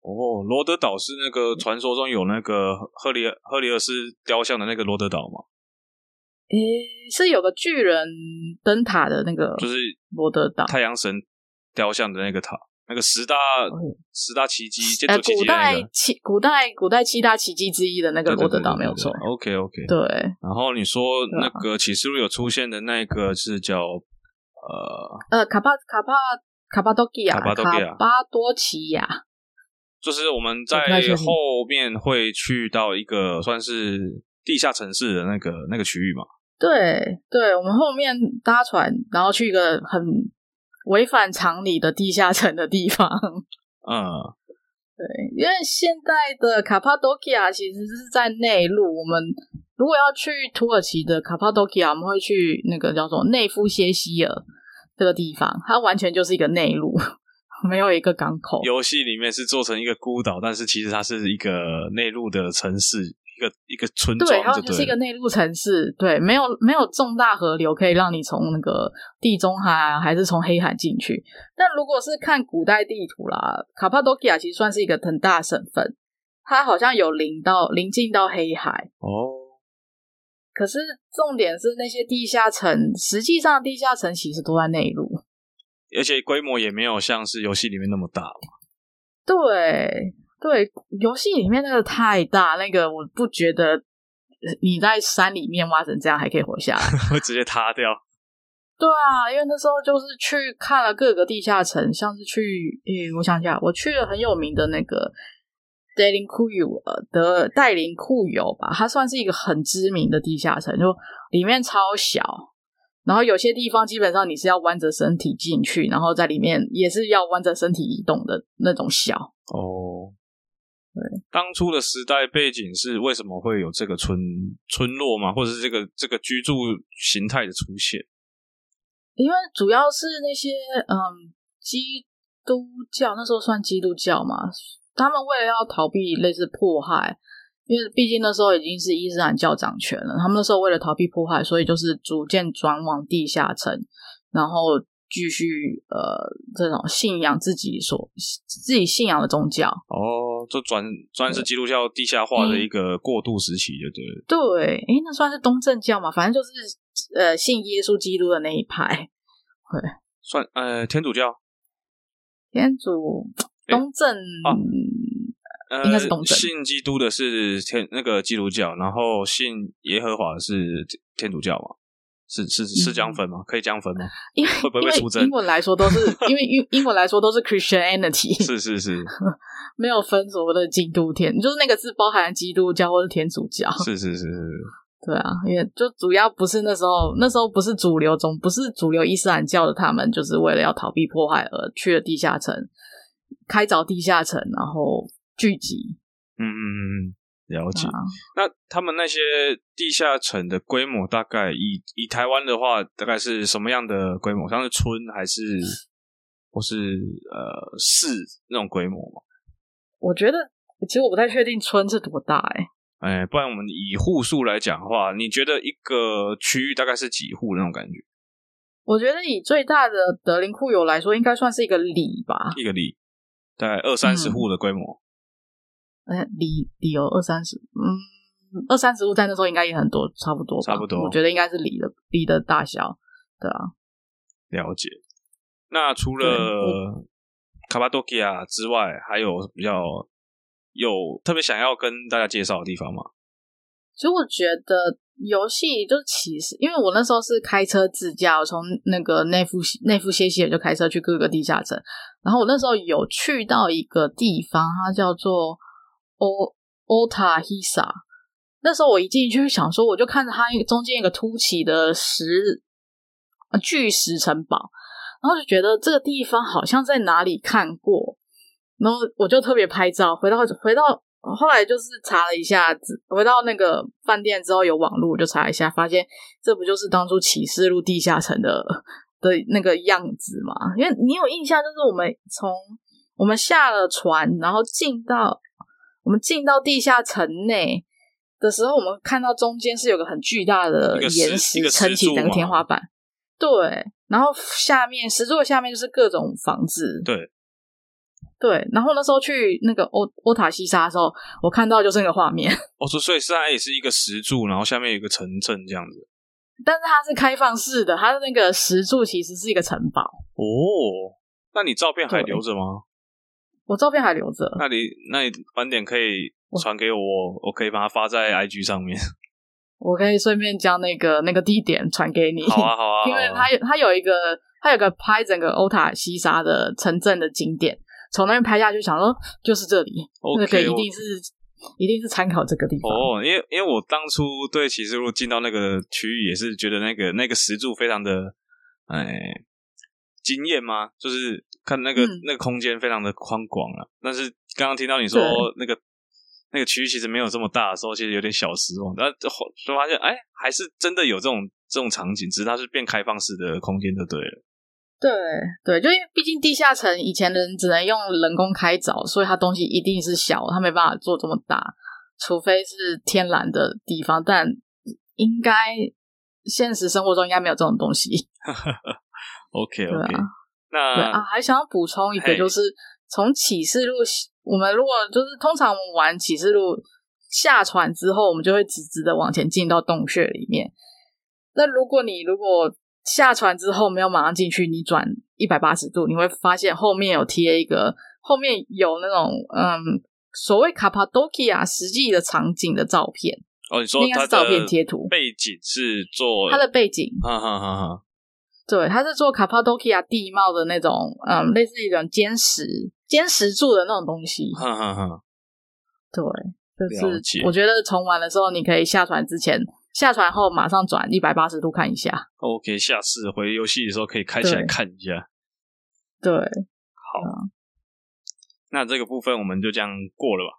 哦，羅德島是那個傳說中有那個赫里赫里爾斯雕像的那個羅德島嗎？誒、嗯，是有個巨人燈塔的那個，就是羅德島太陽神雕像的那個塔。那個十大十大奇蹟，是、那個呃、古代七古代古代七大奇蹟之一的那個羅德島沒有錯。OK OK，對。然後你說那個啟示錄有出現的那個，是叫、啊、呃呃卡帕卡帕卡帕多奇亞卡巴多基亞？多就是我們在後面會去到一個算是地下城市的那個那個區域嘛？對對，我們後面搭船，然後去一個很。違反常理的地下城的地方，嗯，對，因為現在的卡帕多西亞其實是在內陸。我們如果要去土耳其的卡帕多西亞，我們會去那個叫做內夫謝希爾這個地方，它完全就是一個內陸，沒有一個港口。遊戲裡面是做成一個孤島，但是其實它是一個內陸的城市。一個一個村莊，對，然後就是一個內陸城市，對，沒有沒有重大河流可以讓你從那個地中海還是從黑海進去。但如果是看古代地圖啦，卡帕多奇亞其實算是一個很大省份，它好像有鄰到鄰近到黑海哦。可是重點是那些地下城，實際上地下城其實都在內陸，而且規模也沒有像是遊戲裡面那麼大嘛。對。對，遊戲裡面那個太大，那個我不覺得你在山裡面挖成這樣還可以活下來，會 直接塌掉。對啊，因為那時候就是去看了各個地下城，像是去誒、嗯，我想一下，我去了很有名的那個代林庫尤的代林庫尤吧，它算是一個很知名的地下城，就裡面超小，然後有些地方基本上你是要彎着身體進去，然後在裡面也是要彎着身體移動的那種小哦。對，當初的時代背景是為什麼會有這個村村落嘛，或者是這個這個居住形態的出現？因為主要是那些嗯，基督教那時候算基督教嘛，他們為了要逃避類似迫害，因為畢竟那時候已經是伊斯蘭教掌權了，他們那時候為了逃避迫害，所以就是逐漸轉往地下城。然後繼續呃，這種信仰自己所自己信仰的宗教哦。Oh. 就專專是基督教地下化的一個過渡時期，就對對，誒、欸，那算是東正教嘛？反正就是呃，信耶穌基督的那一派，對算呃，天主教，天主東正，欸啊、應該是東正，呃。信基督的是天那個基督教，然後信耶和華的是天、天主教嘛？是是是，這樣分嗎？嗯、可以這樣分嗎？因為會不會被出征？因為英文來說都是 因為英英文來說都是 Christianity，是是是， 沒有分所謂的基督天，就是那個字包含了基督教或是天主教，是是是，是對啊，也就主要不是那時候、嗯、那時候不是主流中不是主流伊斯蘭教的，他們就是為了要逃避迫害而去了地下城，開鑿地下城，然後聚集，嗯嗯嗯。了解。那他們那些地下城的規模大概以以台灣的話，大概是什麼樣的規模？像是村還是或是呃市那種規模嗎？我覺得其實我不太確定村是多大哎、欸。哎、欸，不然我們以戶數來講的話，你覺得一個區域大概是幾戶那種感覺？我覺得以最大的德林庫尤來說，應該算是一個里吧。一個里大概二三十戶的規模。嗯理理 2, 30, 嗯，理，裡有二三十，嗯，二三十度，在那時候應該也很多，差不多吧，差不多，我覺得應該是理的理的大小，對啊。了解。那除了卡帕多奇亞之外，還有比較，有特別想要跟大家介紹的地方嗎？其實我覺得遊戲就是其實，因為我那時候是開車自駕，從那個內夫內夫歇歇就開車去各個地下城，然後我那時候有去到一個地方，它叫做。歐歐塔希薩，o, o a, 那時候我一進去就想說，我就看着它一個中間一個凸起的石，巨石城堡，然後就覺得這個地方好像在哪裡看過，然後我就特別拍照。回到回到後來就是查了一下，回到那個飯店之後有網絡，我就查了一下，發現這不就是當初啟示錄地下城的的那個樣子嘛？因為你有印象，就是我們從我們下了船，然後進到。我們進到地下城內的時候，我們看到中間是有個很巨大的岩石撐起整個天花板。對，然後下面石柱的下面就是各種房子。對，對。然後那時候去那個歐歐塔西沙的時候，我看到就是那個畫面。哦，所以是，它也是一個石柱，然後下面有一個城鎮這樣子。但是它是開放式的，它的那個石柱其實是一個城堡。哦，那你照片還留着嗎？我照片還留着，那你那你晚點可以傳給我，我，我可以把它發在 IG 上面。我可以順便將那個那個地點傳給你。好啊，好啊，好啊，因為他有他有一個他有個拍整個歐塔西沙的城鎮的景點，從那邊拍下去，想說就是這裡，okay, 那個可以一定是我一定是參考這個地方。哦，oh, 因為因為我當初對啟示錄進到那個區域也是覺得那個那個石柱非常的哎。經驗嗎？就是看那個、嗯、那個空間非常的寬廣啊，但是剛剛聽到你說對、哦、那個那個區域其實沒有這麼大的時候，其實有點小失望。但後就發現，哎、欸，還是真的有這種這種場景，只是它是變開放式的空間就對了。對對，就因為畢竟地下城以前人只能用人工開鑿，所以它東西一定是小，它沒辦法做這麼大，除非是天然的地方。但應該現實生活中應該沒有這種東西。 OK OK，啊，那啊，還想要補充一個，就是從啟示錄，hey, 我們如果就是通常我們玩啟示錄下船之後，我們就會直直的往前進到洞穴裡面。那如果你如果下船之後沒有馬上進去，你轉一百八十度，你會發現後面有貼一個後面有那種嗯，所謂卡帕多奇亞實際的場景的照片。哦，你說的應該是照片截圖，背景是做它的背景，哈哈哈哈哈。對，它是做卡帕多西亞地貌的那種，嗯，類似一種尖石、尖石柱的那種東西。哈哈、嗯，嗯嗯、對，就是我覺得重玩的時候，你可以下船之前、了解。下船後馬上轉一百八十度看一下。OK，下次回遊戲的時候可以開起來看一下。對，對好。嗯、那這個部分我們就這樣過了吧。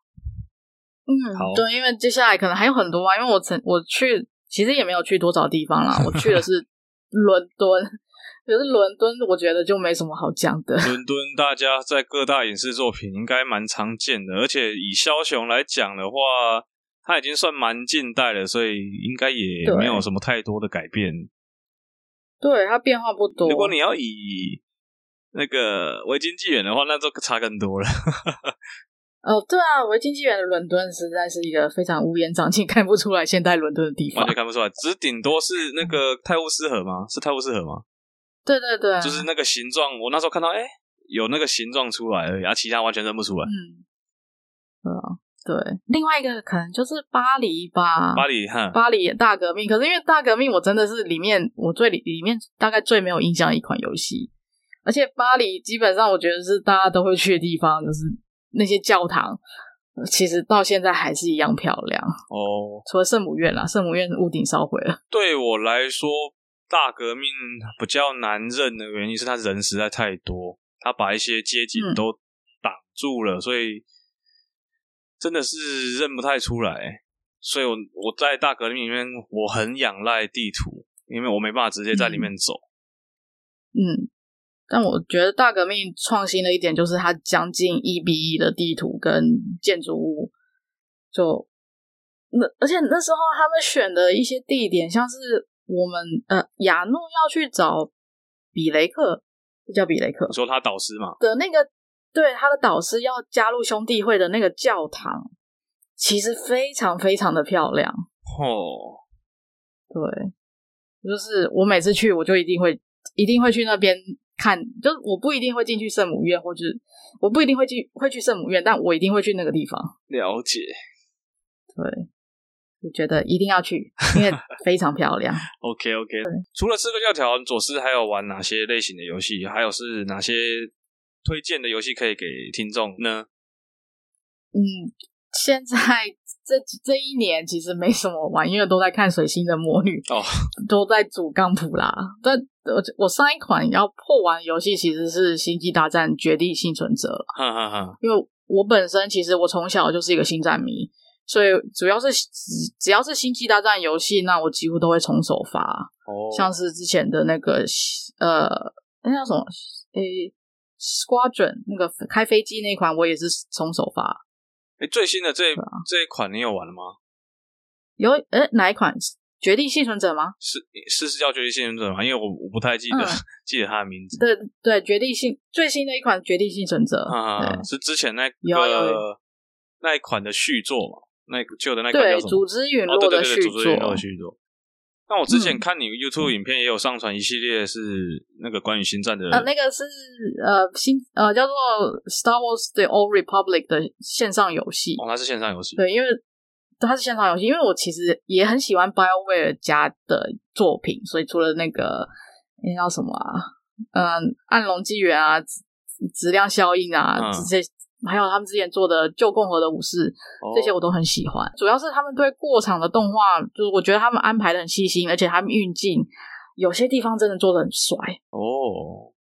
嗯，好。對，因為接下來可能還有很多啊，因為我曾我去，其實也沒有去多少地方啦，我去的是倫敦。 可是倫敦，我覺得就沒什麼好講的。倫敦，大家在各大影視作品應該蠻常見的，而且以梟雄來講的話，它已經算蠻近代了，所以應該也沒有什麼太多的改變。對，它變化不多。如果你要以那個維京紀元的話，那就差更多了。 哦，對啊，維京紀元的倫敦實在是一個非常烏煙瘴氣、看不出來現代倫敦的地方，完全看不出來。只頂多是那個泰晤士河嗎？是泰晤士河嗎？對對對、啊，就是那個形狀。我那時候看到，哎、欸，有那個形狀出來而已，然後、啊、其他完全認不出來。嗯，對、啊、對，另外一個可能就是巴黎吧。巴黎，哈，巴黎大革命。可是因為大革命，我真的是裡面我最裡面大概最沒有印象的一款遊戲。而且巴黎基本上我覺得是大家都會去的地方，就是那些教堂，呃、其實到現在還是一樣漂亮。哦，除了聖母院啦，聖母院屋頂燒毀了。對我來說。大革命比較難認的原因是，他人實在太多，他把一些街景都擋住了，嗯、所以真的是認不太出來。所以，我我在大革命裡面，我很仰賴地圖，因為我沒辦法直接在裡面走。嗯，嗯，但我覺得大革命創新的一點就是，它將近一比一的地圖跟建築物，就那而且那時候他們選的一些地點，像是。我們呃，亞諾要去找比雷克，叫比雷克，你說他導師嘛的那個，對，他的導師要加入兄弟會的那個教堂，其實非常非常的漂亮哦。Oh. 對，就是我每次去，我就一定會一定會去那邊看，就是我不一定會進去聖母院，或者我不一定會去會去聖母院，但我一定會去那個地方。了解，對。我覺得一定要去，因為非常漂亮。 OK OK 對。除了《刺客教條》，佐斯還有玩哪些類型的遊戲？還有是哪些推薦的遊戲可以給聽眾呢？嗯，現在這這一年其實沒什麼玩，因為都在看《水星的魔女》哦，oh. 都在組鋼譜啦。但我上一款要破完的遊戲其實是《星際大戰：絕地幸存者》。哈哈哈！因為我本身其實我從小就是一個星戰迷。所以主要是只只要是星際大戰遊戲，那我幾乎都會從首發。哦，oh. 像是之前的那個呃，那叫什麼？哎、欸、，Squadron 那個開飛機那一款，我也是從首發。誒、欸，最新的這一、啊、這一款你有玩了嗎？有誒、欸，哪一款？絕地幸存者嗎？是是是叫絕地幸存者嗎？因為我我不太記得、嗯、記得它的名字。對對，絕地幸最新的一款絕地幸存者、嗯對嗯，是之前那個、啊、那一款的續作嘛？那舊、個、的那個叫什麼？對，組織隕落的續作。那、哦嗯、我之前看你 YouTube 影片，也有上傳一系列是那個關於星戰的。啊，那個是呃星呃叫做 Star Wars: The Old Republic 的線上遊戲。哦，它是線上遊戲。對，因為它是線上遊戲，因為我其實也很喜歡 BioWare 家的作品，所以除了那個那叫什麼啊？嗯，暗龍紀元啊，質量效應啊這些。嗯還有他們之前做的《舊共和的武士》，這些我都很喜歡。Oh. 主要是他們對過場的動畫，就是我覺得他們安排得很細心，而且他們運鏡，有些地方真的做得很帥。哦，oh.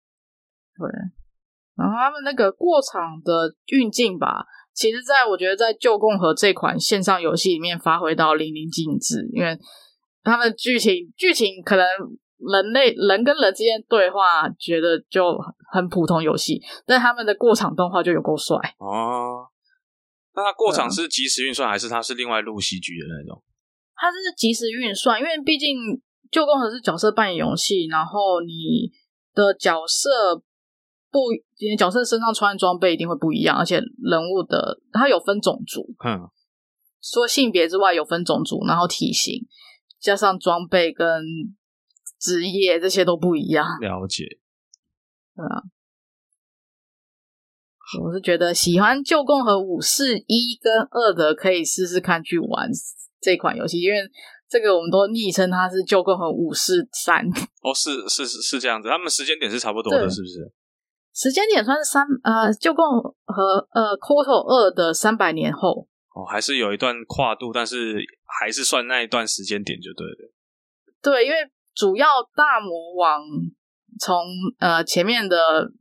對，然後他們那個過場的運鏡吧，其實在我覺得在《舊共和》這款線上遊戲裡面發揮到淋漓盡致，因為他們的劇情劇情可能。人類人跟人之間對話，覺得就很普通遊戲，但他們的過場動畫就有夠帥。哦，那他過場是即時運算，嗯、還是他是另外錄戲劇的那種？他是即時運算，因為畢竟《舊共和國》是角色扮演遊戲，然後你的角色不，你的角色身上穿的裝備一定會不一樣，而且人物的他有分種族，嗯，說性別之外有分種族，然後體型加上裝備跟。職業這些都不一樣。了解。啊、嗯，我是覺得喜歡《舊共和武士一》跟二的，可以試試看去玩這款遊戲，因為這個我們都昵稱它是《舊共和武士三》。哦，是是是這樣子，他們時間點是差不多的，對是不是？時間點算是三呃，《舊共和》呃，《Quarter 二》的三百年後哦，還是有一段跨度，但是還是算那一段時間點就對了。對，因為。主要大魔王從呃前面的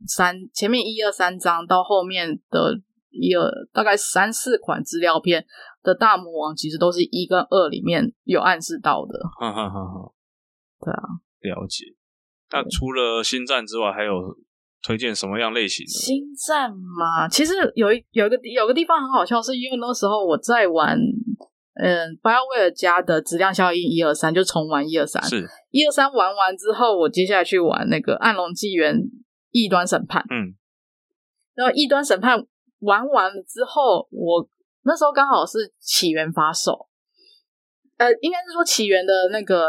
三前面一二三章到後面的一二，大概三四款資料片的大魔王其實都是一跟二裡面有暗示到的。哈哈哈哈對啊，了解。對那除了星戰之外，還有推薦什麼樣類型的？星戰嘛，其實有，有一個有個有個地方很好笑，是因為那時候我在玩。嗯，BioWare 家的質量效應一二三就重玩一二三，是一二三玩完之後，我接下來去玩那個暗龍紀元異端審判，嗯，然後異端審判玩完之後，我那時候剛好是起源發售，呃，應該是說起源的那個，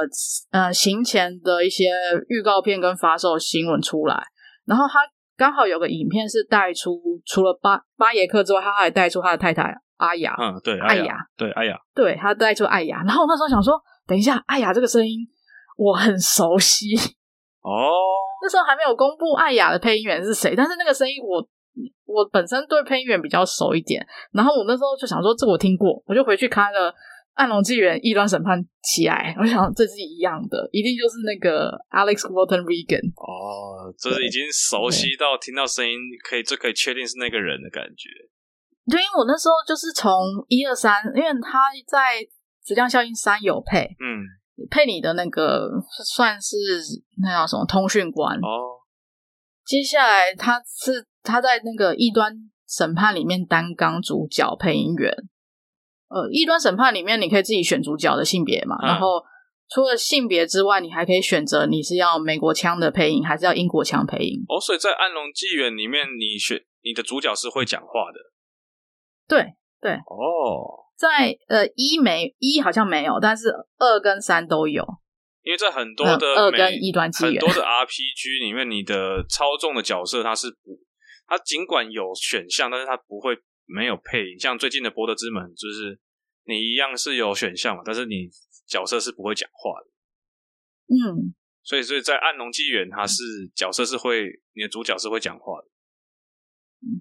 嗯、呃，行前的一些預告片跟發售新聞出來，然後他剛好有個影片是帶出除了巴巴耶克之外，他還帶出他的太太。阿雅，啊、嗯，對，艾雅亞，艾亞對，艾雅亞，對他帶出艾雅，然後我那時候想說，等一下，艾雅這個聲音我很熟悉哦。 那時候還沒有公布艾雅的配音員是誰，但是那個聲音我我本身對配音員比較熟一點，然後我那時候就想說，這我聽過，我就回去看了暗龍紀《暗龍紀元：異端審判》七愛我想這是一樣的，一定就是那個 Alex Walton Regan。哦，就是已經熟悉到聽到聲音可以就可以確定是那個人的感覺。對，因為我那時候就是從一二三，因為他在《質量效應三》有配，嗯，配你的那個算是那叫什麼通訊官哦。接下來他是他在那個《異端審判》裡面擔綱主角配音員，呃，《異端審判》裡面你可以自己選主角的性別嘛，嗯，然後除了性別之外，你還可以選擇你是要美國腔的配音，還是要英國腔配音。哦，所以在《暗龍紀元》裡面，你選你的主角是會講話的。對對哦，oh. 在呃一沒一好像沒有，但是二跟三都有。因為在很多的二跟一端，很多的 RPG 裡面，你的操縱的角色他是不，他儘管有選項，但是他不會沒有配，像最近的《博德之門》，就是你一樣是有選項嘛，但是你角色是不會講話的。嗯，mm. 所以所以在暗龍紀元，他是角色是會，你的主角是會講話的。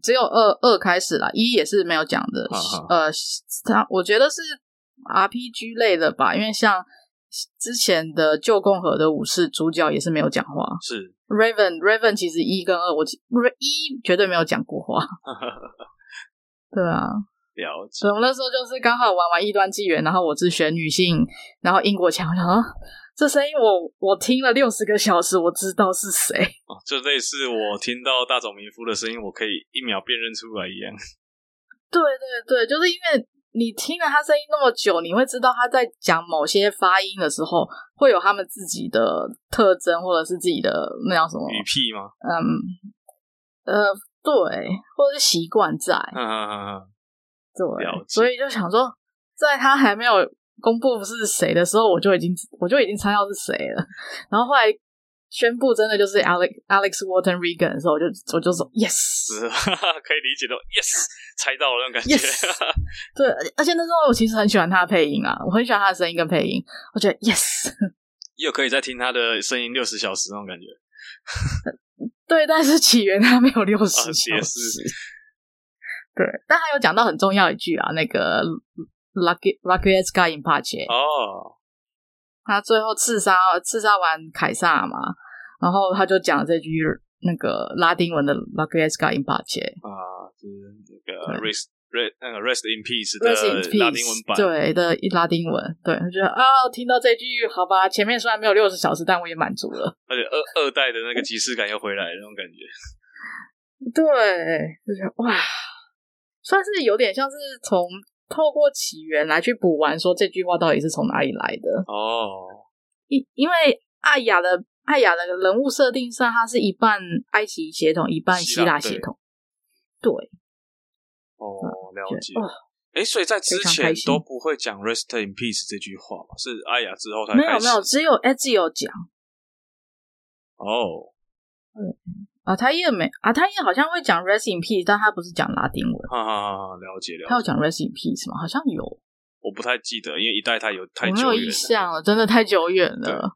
只有二二開始啦，一也是沒有講的。好好，呃，他我覺得是 RPG 類的吧，因為像之前的舊共和的武士主角也是沒有講話。是 Raven，Raven Raven 其實一跟二我一絕對沒有講過話。 對啊，了解。所以我那時候就是剛好玩完異端紀元，然後我是選女性，然後英國強啊。這聲音我我聽了六十個小時，我知道是誰。哦，就類似我聽到大冢明夫的聲音，我可以一秒辨認出來一樣。對對對，就是因為你聽了他聲音那麼久，你會知道他在講某些發音的時候會有他們自己的特徵，或者是自己的那叫什麼？語癖嗎？嗯，um, 呃，對，或者是習慣在。嗯哈哈哈哈。啊啊、對了解。所以就想說，在他還沒有公布是誰的時候，我就已經我就已經猜到是誰了。然後後來宣布真的就是 Alex Alex Walton Regan 的時候，我就我就說 Yes， 可以理解的 Yes，猜到我那種感覺。Yes! 對，而且那時候我其實很喜歡他的配音啊，我很喜歡他的聲音跟配音，我覺得 Yes，又可以再聽他的聲音六十小時那種感覺。 對，但是起源他沒有六十小時。啊、對，但他有講到很重要一句啊，那個。拉 u 拉 k y l u c k y 哦，Requiescat, Requiescat oh，他最後刺殺刺殺完凱撒嘛，然後他就講這句那個拉丁文的 Requiescat in pace 啊，uh, 就是那個 rest rest 那個對 rest in peace 的拉丁文版，peace, 對的拉丁文，對，他覺得啊，聽到這句，好吧，前面雖然沒有六十小時，但我也滿足了，而且二二代的那個即視感又回來 那種感覺，對，就覺得哇，算是有點像是從。透過起源來去補完，說這句話到底是從哪裡來的？哦，oh. 因為艾雅的艾雅的人物設定上，它是一半埃及血統，一半希臘血統。對，哦，了解。哎、oh, 欸，所以在之前非常開心都不會講 “rest in peace” 這句話嘛？是艾雅之後才沒有沒有，只有艾吉、欸、有講。哦，oh. 嗯。阿泰葉沒，阿泰葉好像會講 Rest in Peace 但他不是講拉丁文。哈哈、啊啊，了解了解，他有講 Rest in Peace 嗎？好像有，我不太記得，因為一代他有太久遠了，沒有印象了，真的太久遠了。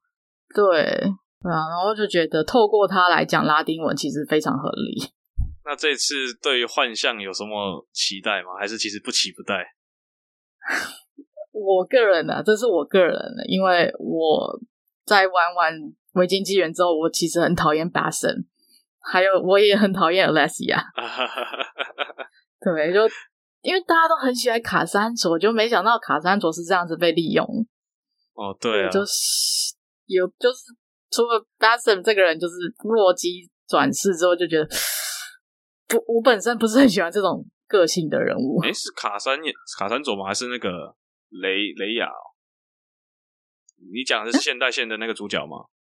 對，啊，然後就覺得透過他來講拉丁文其實非常合理。那這次對於幻象有什麼期待嗎？還是其實不期不待？ 我個人啊，這是我個人的，因為我在玩完維京紀元之後，我其實很討厭巴森。還有，我也很討厭 l e 哈哈哈哈。對，就因為大家都很喜歡卡山卓，就沒想到卡山卓是這樣子被利用。哦，對、啊對，就是有，就是除了 d a s i n 這個人，就是洛基轉世之後，就覺得不，我本身不是很喜歡這種個性的人物。哎、欸，是卡山卡山卓嗎？還是那個雷雷雅？你講的是現代線的那個主角嗎？欸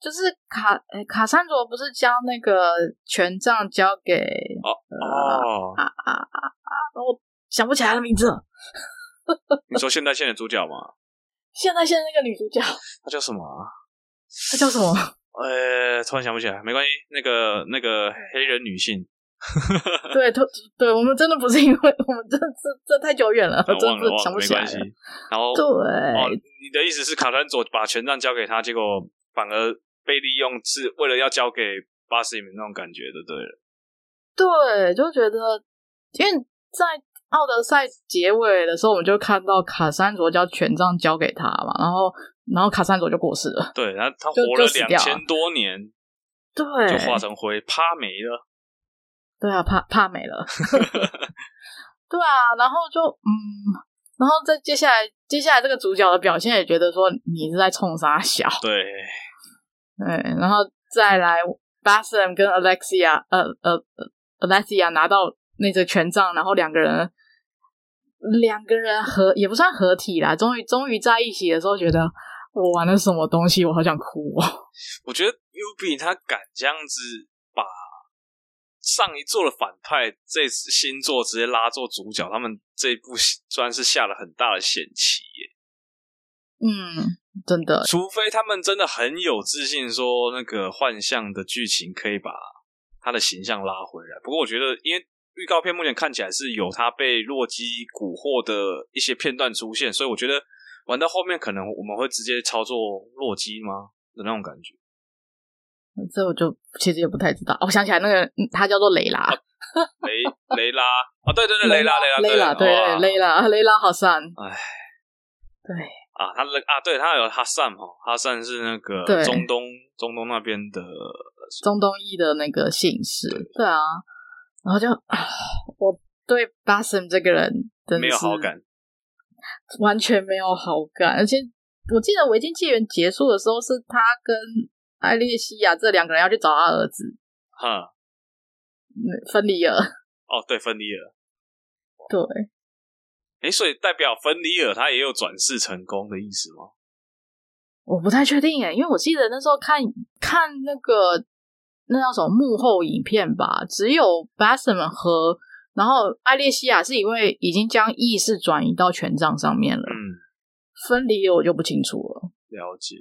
就是卡、欸、卡山卓不是將那個權杖交給啊啊啊啊,啊！我想不起來他的名字了。你說現代線的主角嗎？現代線的那個女主角，她叫什麼、啊、叫什麼？她叫什麼？呃，突然想不起來，沒關係。那個那個黑人女性， 對，對，我們真的不是因為我們這這這太久遠了，啊、忘了真的想不起來，然後，對、哦，你的意思是卡山卓把權杖交給他，結果反而。被利用是為了要交給巴斯提那種感覺的，對，對，就覺得因為在奧德賽結尾的時候，我們就看到卡山卓將權杖交給他嘛，然後，然後卡山卓就過世了，對，他他活了兩千多年，對，就，就化成灰，趴對沒了，對啊，怕怕沒了， 對啊，然後就嗯，然後在接下來，接下來這個主角的表現也覺得說你是在衝啥小？對。對，然後再來 Basim 跟 Alexia，呃呃、啊、Alexia 拿到那個權杖，然後兩個人，兩個人合也不算合體啦，終於終於在一起的時候，覺得我玩的是什麼東西，我好想哭，哦。我覺得 u b 他敢這樣子把上一作的反派這次新作直接拉做主角，他們這一部雖然是下了很大的險棋，耶。嗯。真的，除非他們真的很有自信，說那個幻象的劇情可以把他的形象拉回來。不過我覺得，因為預告片目前看起來是有他被洛基蠱惑的一些片段出現，所以我覺得玩到後面可能我們會直接操作洛基嗎？的那種感覺，這我就其實也不太知道。我、哦、想起來那個，他叫做雷拉、啊、雷，雷拉，雷雷拉，對對對，雷拉雷拉雷拉，雷拉對，雷對拉雷拉好像，哎唉，對。啊，他啊，對他有哈桑哈，哈桑是那個中東對中東那邊的中東裔的那個姓氏，對,對啊，然後就我對巴森這個人沒有好感，完全沒有好感，而且我記得維京紀元結束的時候，是他跟艾利西亞這兩個人要去找他兒子，哈，芬裡爾，哦，對，芬裡爾，對。誒，所以代表芬里爾他也有轉世成功的意思嗎？我不太確定哎，因為我記得那時候看看那個那叫什麼幕後影片吧，只有巴瑟 n 和然後艾列西亞是因為已經將意識轉移到權杖上面了，嗯，分離爾我就不清楚了。了解，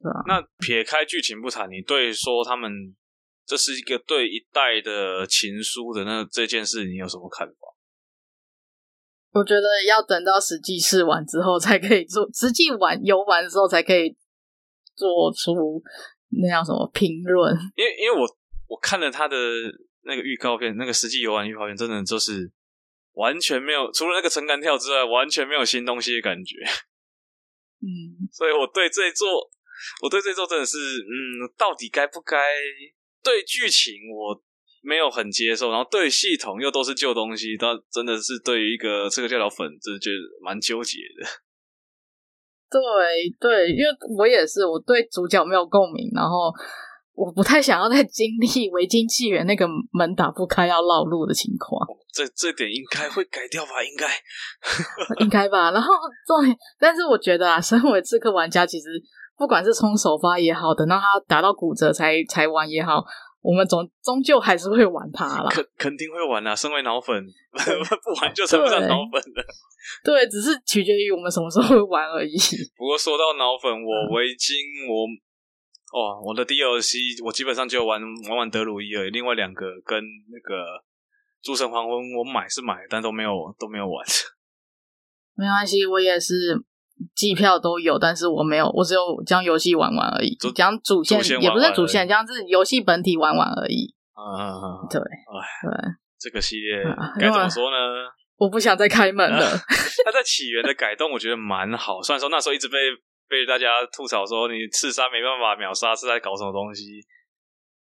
對啊。那撇開劇情不談，你對說他們這是一個對一代的情書的那這件事，你有什麼看法？我覺得要等到實際試完之後才可以做，實際玩遊玩的時候才可以做出那叫什麼評論。因為因為我我看了他的那個預告片，那個實際遊玩預告片真的就是完全沒有，除了那個撐杆跳之外，完全沒有新東西的感覺。嗯，所以我對這一作，我對這一作真的是，嗯，到底該不該對劇情我。沒有很接受，然後對系統又都是舊東西，他真的是對於一個刺客教條粉，就覺得蠻糾結的。對對，因為我也是，我對主角沒有共鳴，然後我不太想要再經歷維京紀元那個門打不開要繞路的情況。哦、這這點應該會改掉吧？應該 應該吧？然後，但但是我覺得啊，身為刺客玩家，其實不管是衝首發也好的，等到他打到骨折才才玩也好。我們總終究還是會玩它啦，肯肯定會玩啦、啊，身為腦粉，對 不玩就成不了腦粉了對。對，只是取決於我們什麼時候會玩而已。不過說到腦粉，我圍巾我、嗯、哦，我的 DLC 我基本上就玩玩玩德魯伊而已，另外兩個跟那個諸神黃昏我買是買，但都沒有都沒有玩。沒關係，我也是。機票都有，但是我沒有，我只有將遊戲玩玩而已，將主線也不是主線，將是遊戲本體玩玩而已。啊，對，哎，對，這個系列該怎麼說呢？我不想再開門了。他在起源的改動，我覺得蠻好。雖然說那時候一直被被大家吐槽說你刺殺沒辦法秒殺是在搞什麼東西。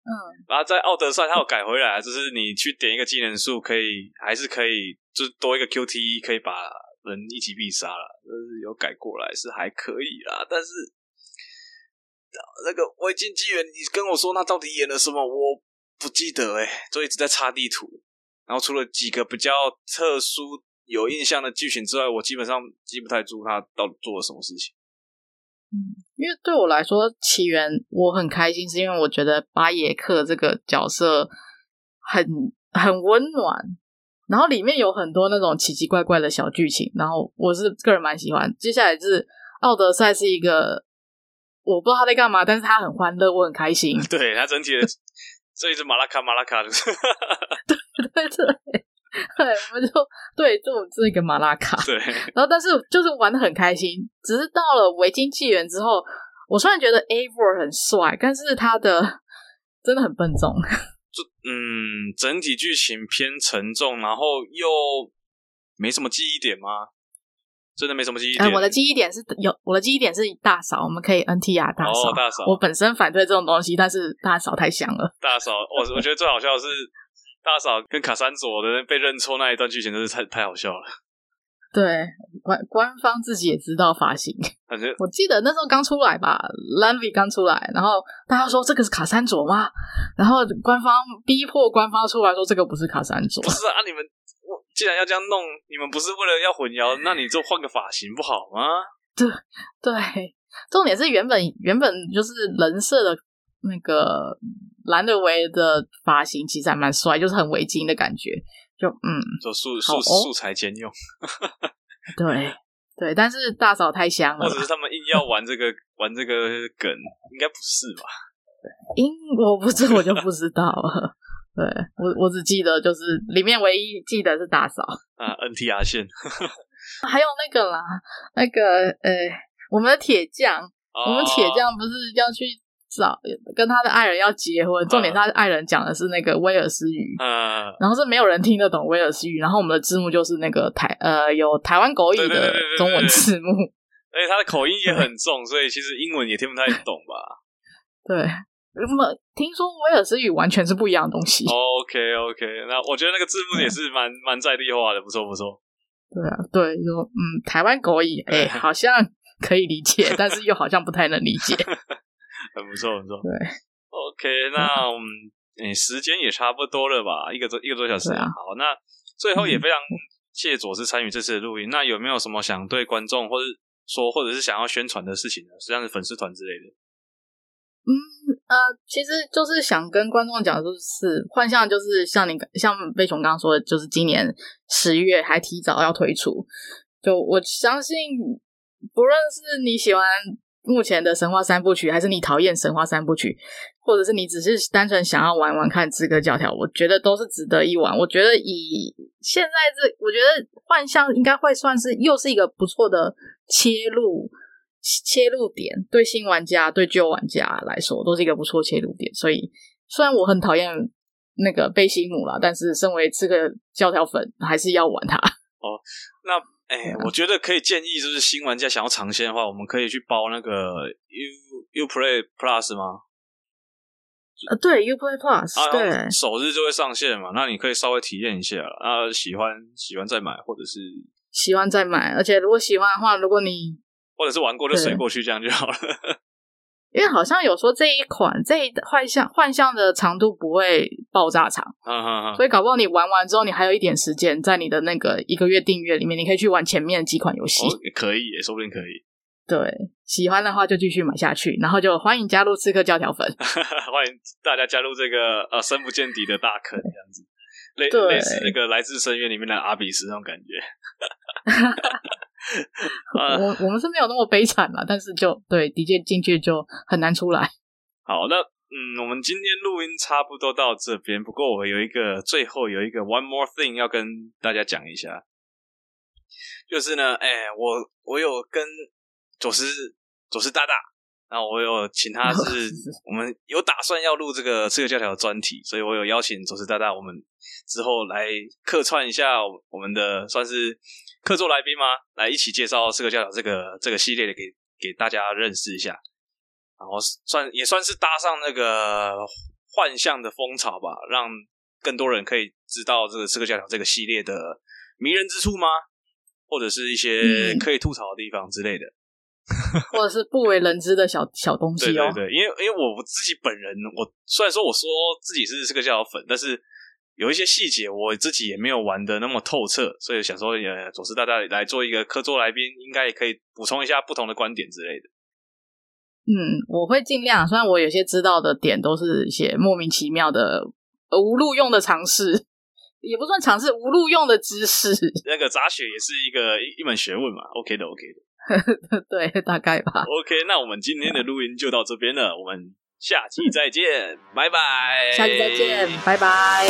嗯，然後在奧德賽他有改回來，就是你去點一個技能樹可以還是可以，就是多一個 QTE，可以把。人一起必殺了，就是有改過來是還可以啦。但是那個《維京紀元》，你跟我說他到底演了什麼？我不記得誒，所以一直在擦地圖。然後除了幾個比較特殊有印象的劇情之外，我基本上記不太住他到底做了什麼事情。嗯，因為對我來說，《起源》我很開心，是因為我覺得巴耶克這個角色很很溫暖。然後裡面有很多那種奇奇怪怪的小劇情，然後我是個人蠻喜歡。接下來是《奧德賽》，是一個我不知道他在幹嘛，但是他很歡樂，我很開心。對他整體的這一支馬拉卡馬拉卡，拉卡的 對對對，對，我們就對就這一個馬拉卡。對，然後但是就是玩的很開心，只是到了《維京紀元》之後，我雖然覺得 Eivor 很帥，但是他的真的很笨重。就嗯，整體劇情偏沉重，然後又沒什麼記憶點嗎？真的沒什麼記憶點。呃、我的記憶點是有，我的記憶點是大嫂，我們可以 N T R 大嫂。哦、大嫂我本身反對這種東西，但是大嫂太香了。大嫂，我、哦、我覺得最好笑的是 大嫂跟卡山佐的被認錯那一段劇情，真是太太好笑了。對，官，官方自己也知道髮型。 反正我記得那時候剛出來吧，蘭維剛出來，然後大家說這個是卡山卓嗎？然後官方逼迫官方出來說這個不是卡山卓。不是啊，你們我既然要這樣弄，你們不是為了要混淆？ 那你就換個髮型不好嗎？對對，重點是原本原本就是人設的那個藍瑞維的髮型，其實還蠻帥，就是很維京的感覺。就嗯，就素素好素材兼用、哦， 對對，但是大嫂太香了，或者是他們硬要玩這個 玩這個梗，應該不是吧？英國不是我就不知道了 對，對我我只記得就是裡面唯一記得是大嫂啊。啊，N T R 線 ，還有那個啦，那個呃、欸，我們的鐵匠，哦、我們鐵匠不是要去。是啊，跟他的愛人要結婚，重點他的愛人講的是那個威爾斯語，嗯、然後是沒有人聽得懂威爾斯語，然後我們的字幕就是那個台呃有台灣國語的中文字幕，而且、欸、他的口音也很重，對所以其實英文也聽不太懂吧？對，聽說威爾斯語完全是不一樣的東西。Oh, OK OK，那我覺得那個字幕也是蠻蠻、嗯、在地化的，不錯不錯。對啊，對，說嗯台灣國語哎、欸，好像可以理解， 但是又好像不太能理解。 很不錯，很不錯。對，OK，那我們嗯，欸、時間也差不多了吧？一個多，一個多小時啊。好，那最後也非常謝謝佐斯參與這次的錄音。嗯、那有沒有什麼想對觀眾，或是說，或者是想要宣傳的事情呢？像是粉絲團之類的。嗯呃，其實就是想跟觀眾講，就是幻象，就是像你，像魏瓊剛剛說的，就是今年十月還提早要推出。就我相信，不論是你喜歡。目前的神話三部曲，還是你討厭神話三部曲，或者是你只是單純想要玩玩看刺客教條，我覺得都是值得一玩。我覺得以現在這，我覺得幻象應該會算是又是一個不錯的切入切入點，對新玩家對舊玩家來說都是一個不錯切入點。所以雖然我很討厭那個貝西姆啦，但是身為刺客教條粉，還是要玩它。哦，那。哎，欸，對啊，我覺得可以建議，就是新玩家想要嚐鮮的話，我們可以去包那個 U U Play Plus 嗎？就，啊，對，U Play Plus，對，首日就會上線嘛。那你可以稍微體驗一下，啊，喜歡喜歡再買，或者是喜歡再買。而且如果喜歡的話，如果你或者是玩過的水過去，對這樣就好了。 因為好像有說這一款這一幻象幻象的長度不會爆炸長，啊啊、所以搞不好你玩完之後，你還有一點時間在你的那個一個月訂閱裡面，你可以去玩前面幾款遊戲。哦、可以，說不定可以。對，喜歡的話就繼續買下去，然後就歡迎加入刺客教條粉， 歡迎大家加入這個呃深不見底的大坑，這樣子，類，對類似那個來自深淵裡面的阿比斯那種感覺。 嗯、我我們是沒有那麼悲慘嘛，但是就對，的確進去就很難出來。好，那嗯，我們今天錄音差不多到這邊。不過我有一個最後有一個 one more thing 要跟大家講一下，就是呢，哎、欸，我我有跟佐斯佐斯大大，然後我有請他是、哦、是、是我們有打算要錄這個刺客教條的專題，所以我有邀請佐斯大大，我們之後來客串一下我們的算是。客座來賓嗎？來一起介紹《刺客教條》這個這個系列的，給給大家認識一下，然後算也算是搭上那個幻象的風潮吧，讓更多人可以知道這個《刺客教條》這個系列的迷人之處嗎？或者是一些可以吐槽的地方之類的，嗯、或者是不為人知的小小東西哦。 對，對，對，因為因為我我自己本人，我雖然說我說自己是《刺客教條》粉，但是。有一些細節我自己也沒有玩得那麼透徹，所以想說，呃，總是大家來做一個客座來賓，應該也可以補充一下不同的觀點之類的。嗯，我會盡量，雖然我有些知道的點都是一些莫名其妙的、呃、無路用的嘗試，也不算嘗試無路用的知識。那個雜學也是一個一,一門學問嘛，OK 的，OK 的，OK 的 對，大概吧。OK，那我們今天的錄音就到這邊了，對我們。下期再見，拜拜。下期再見，拜拜。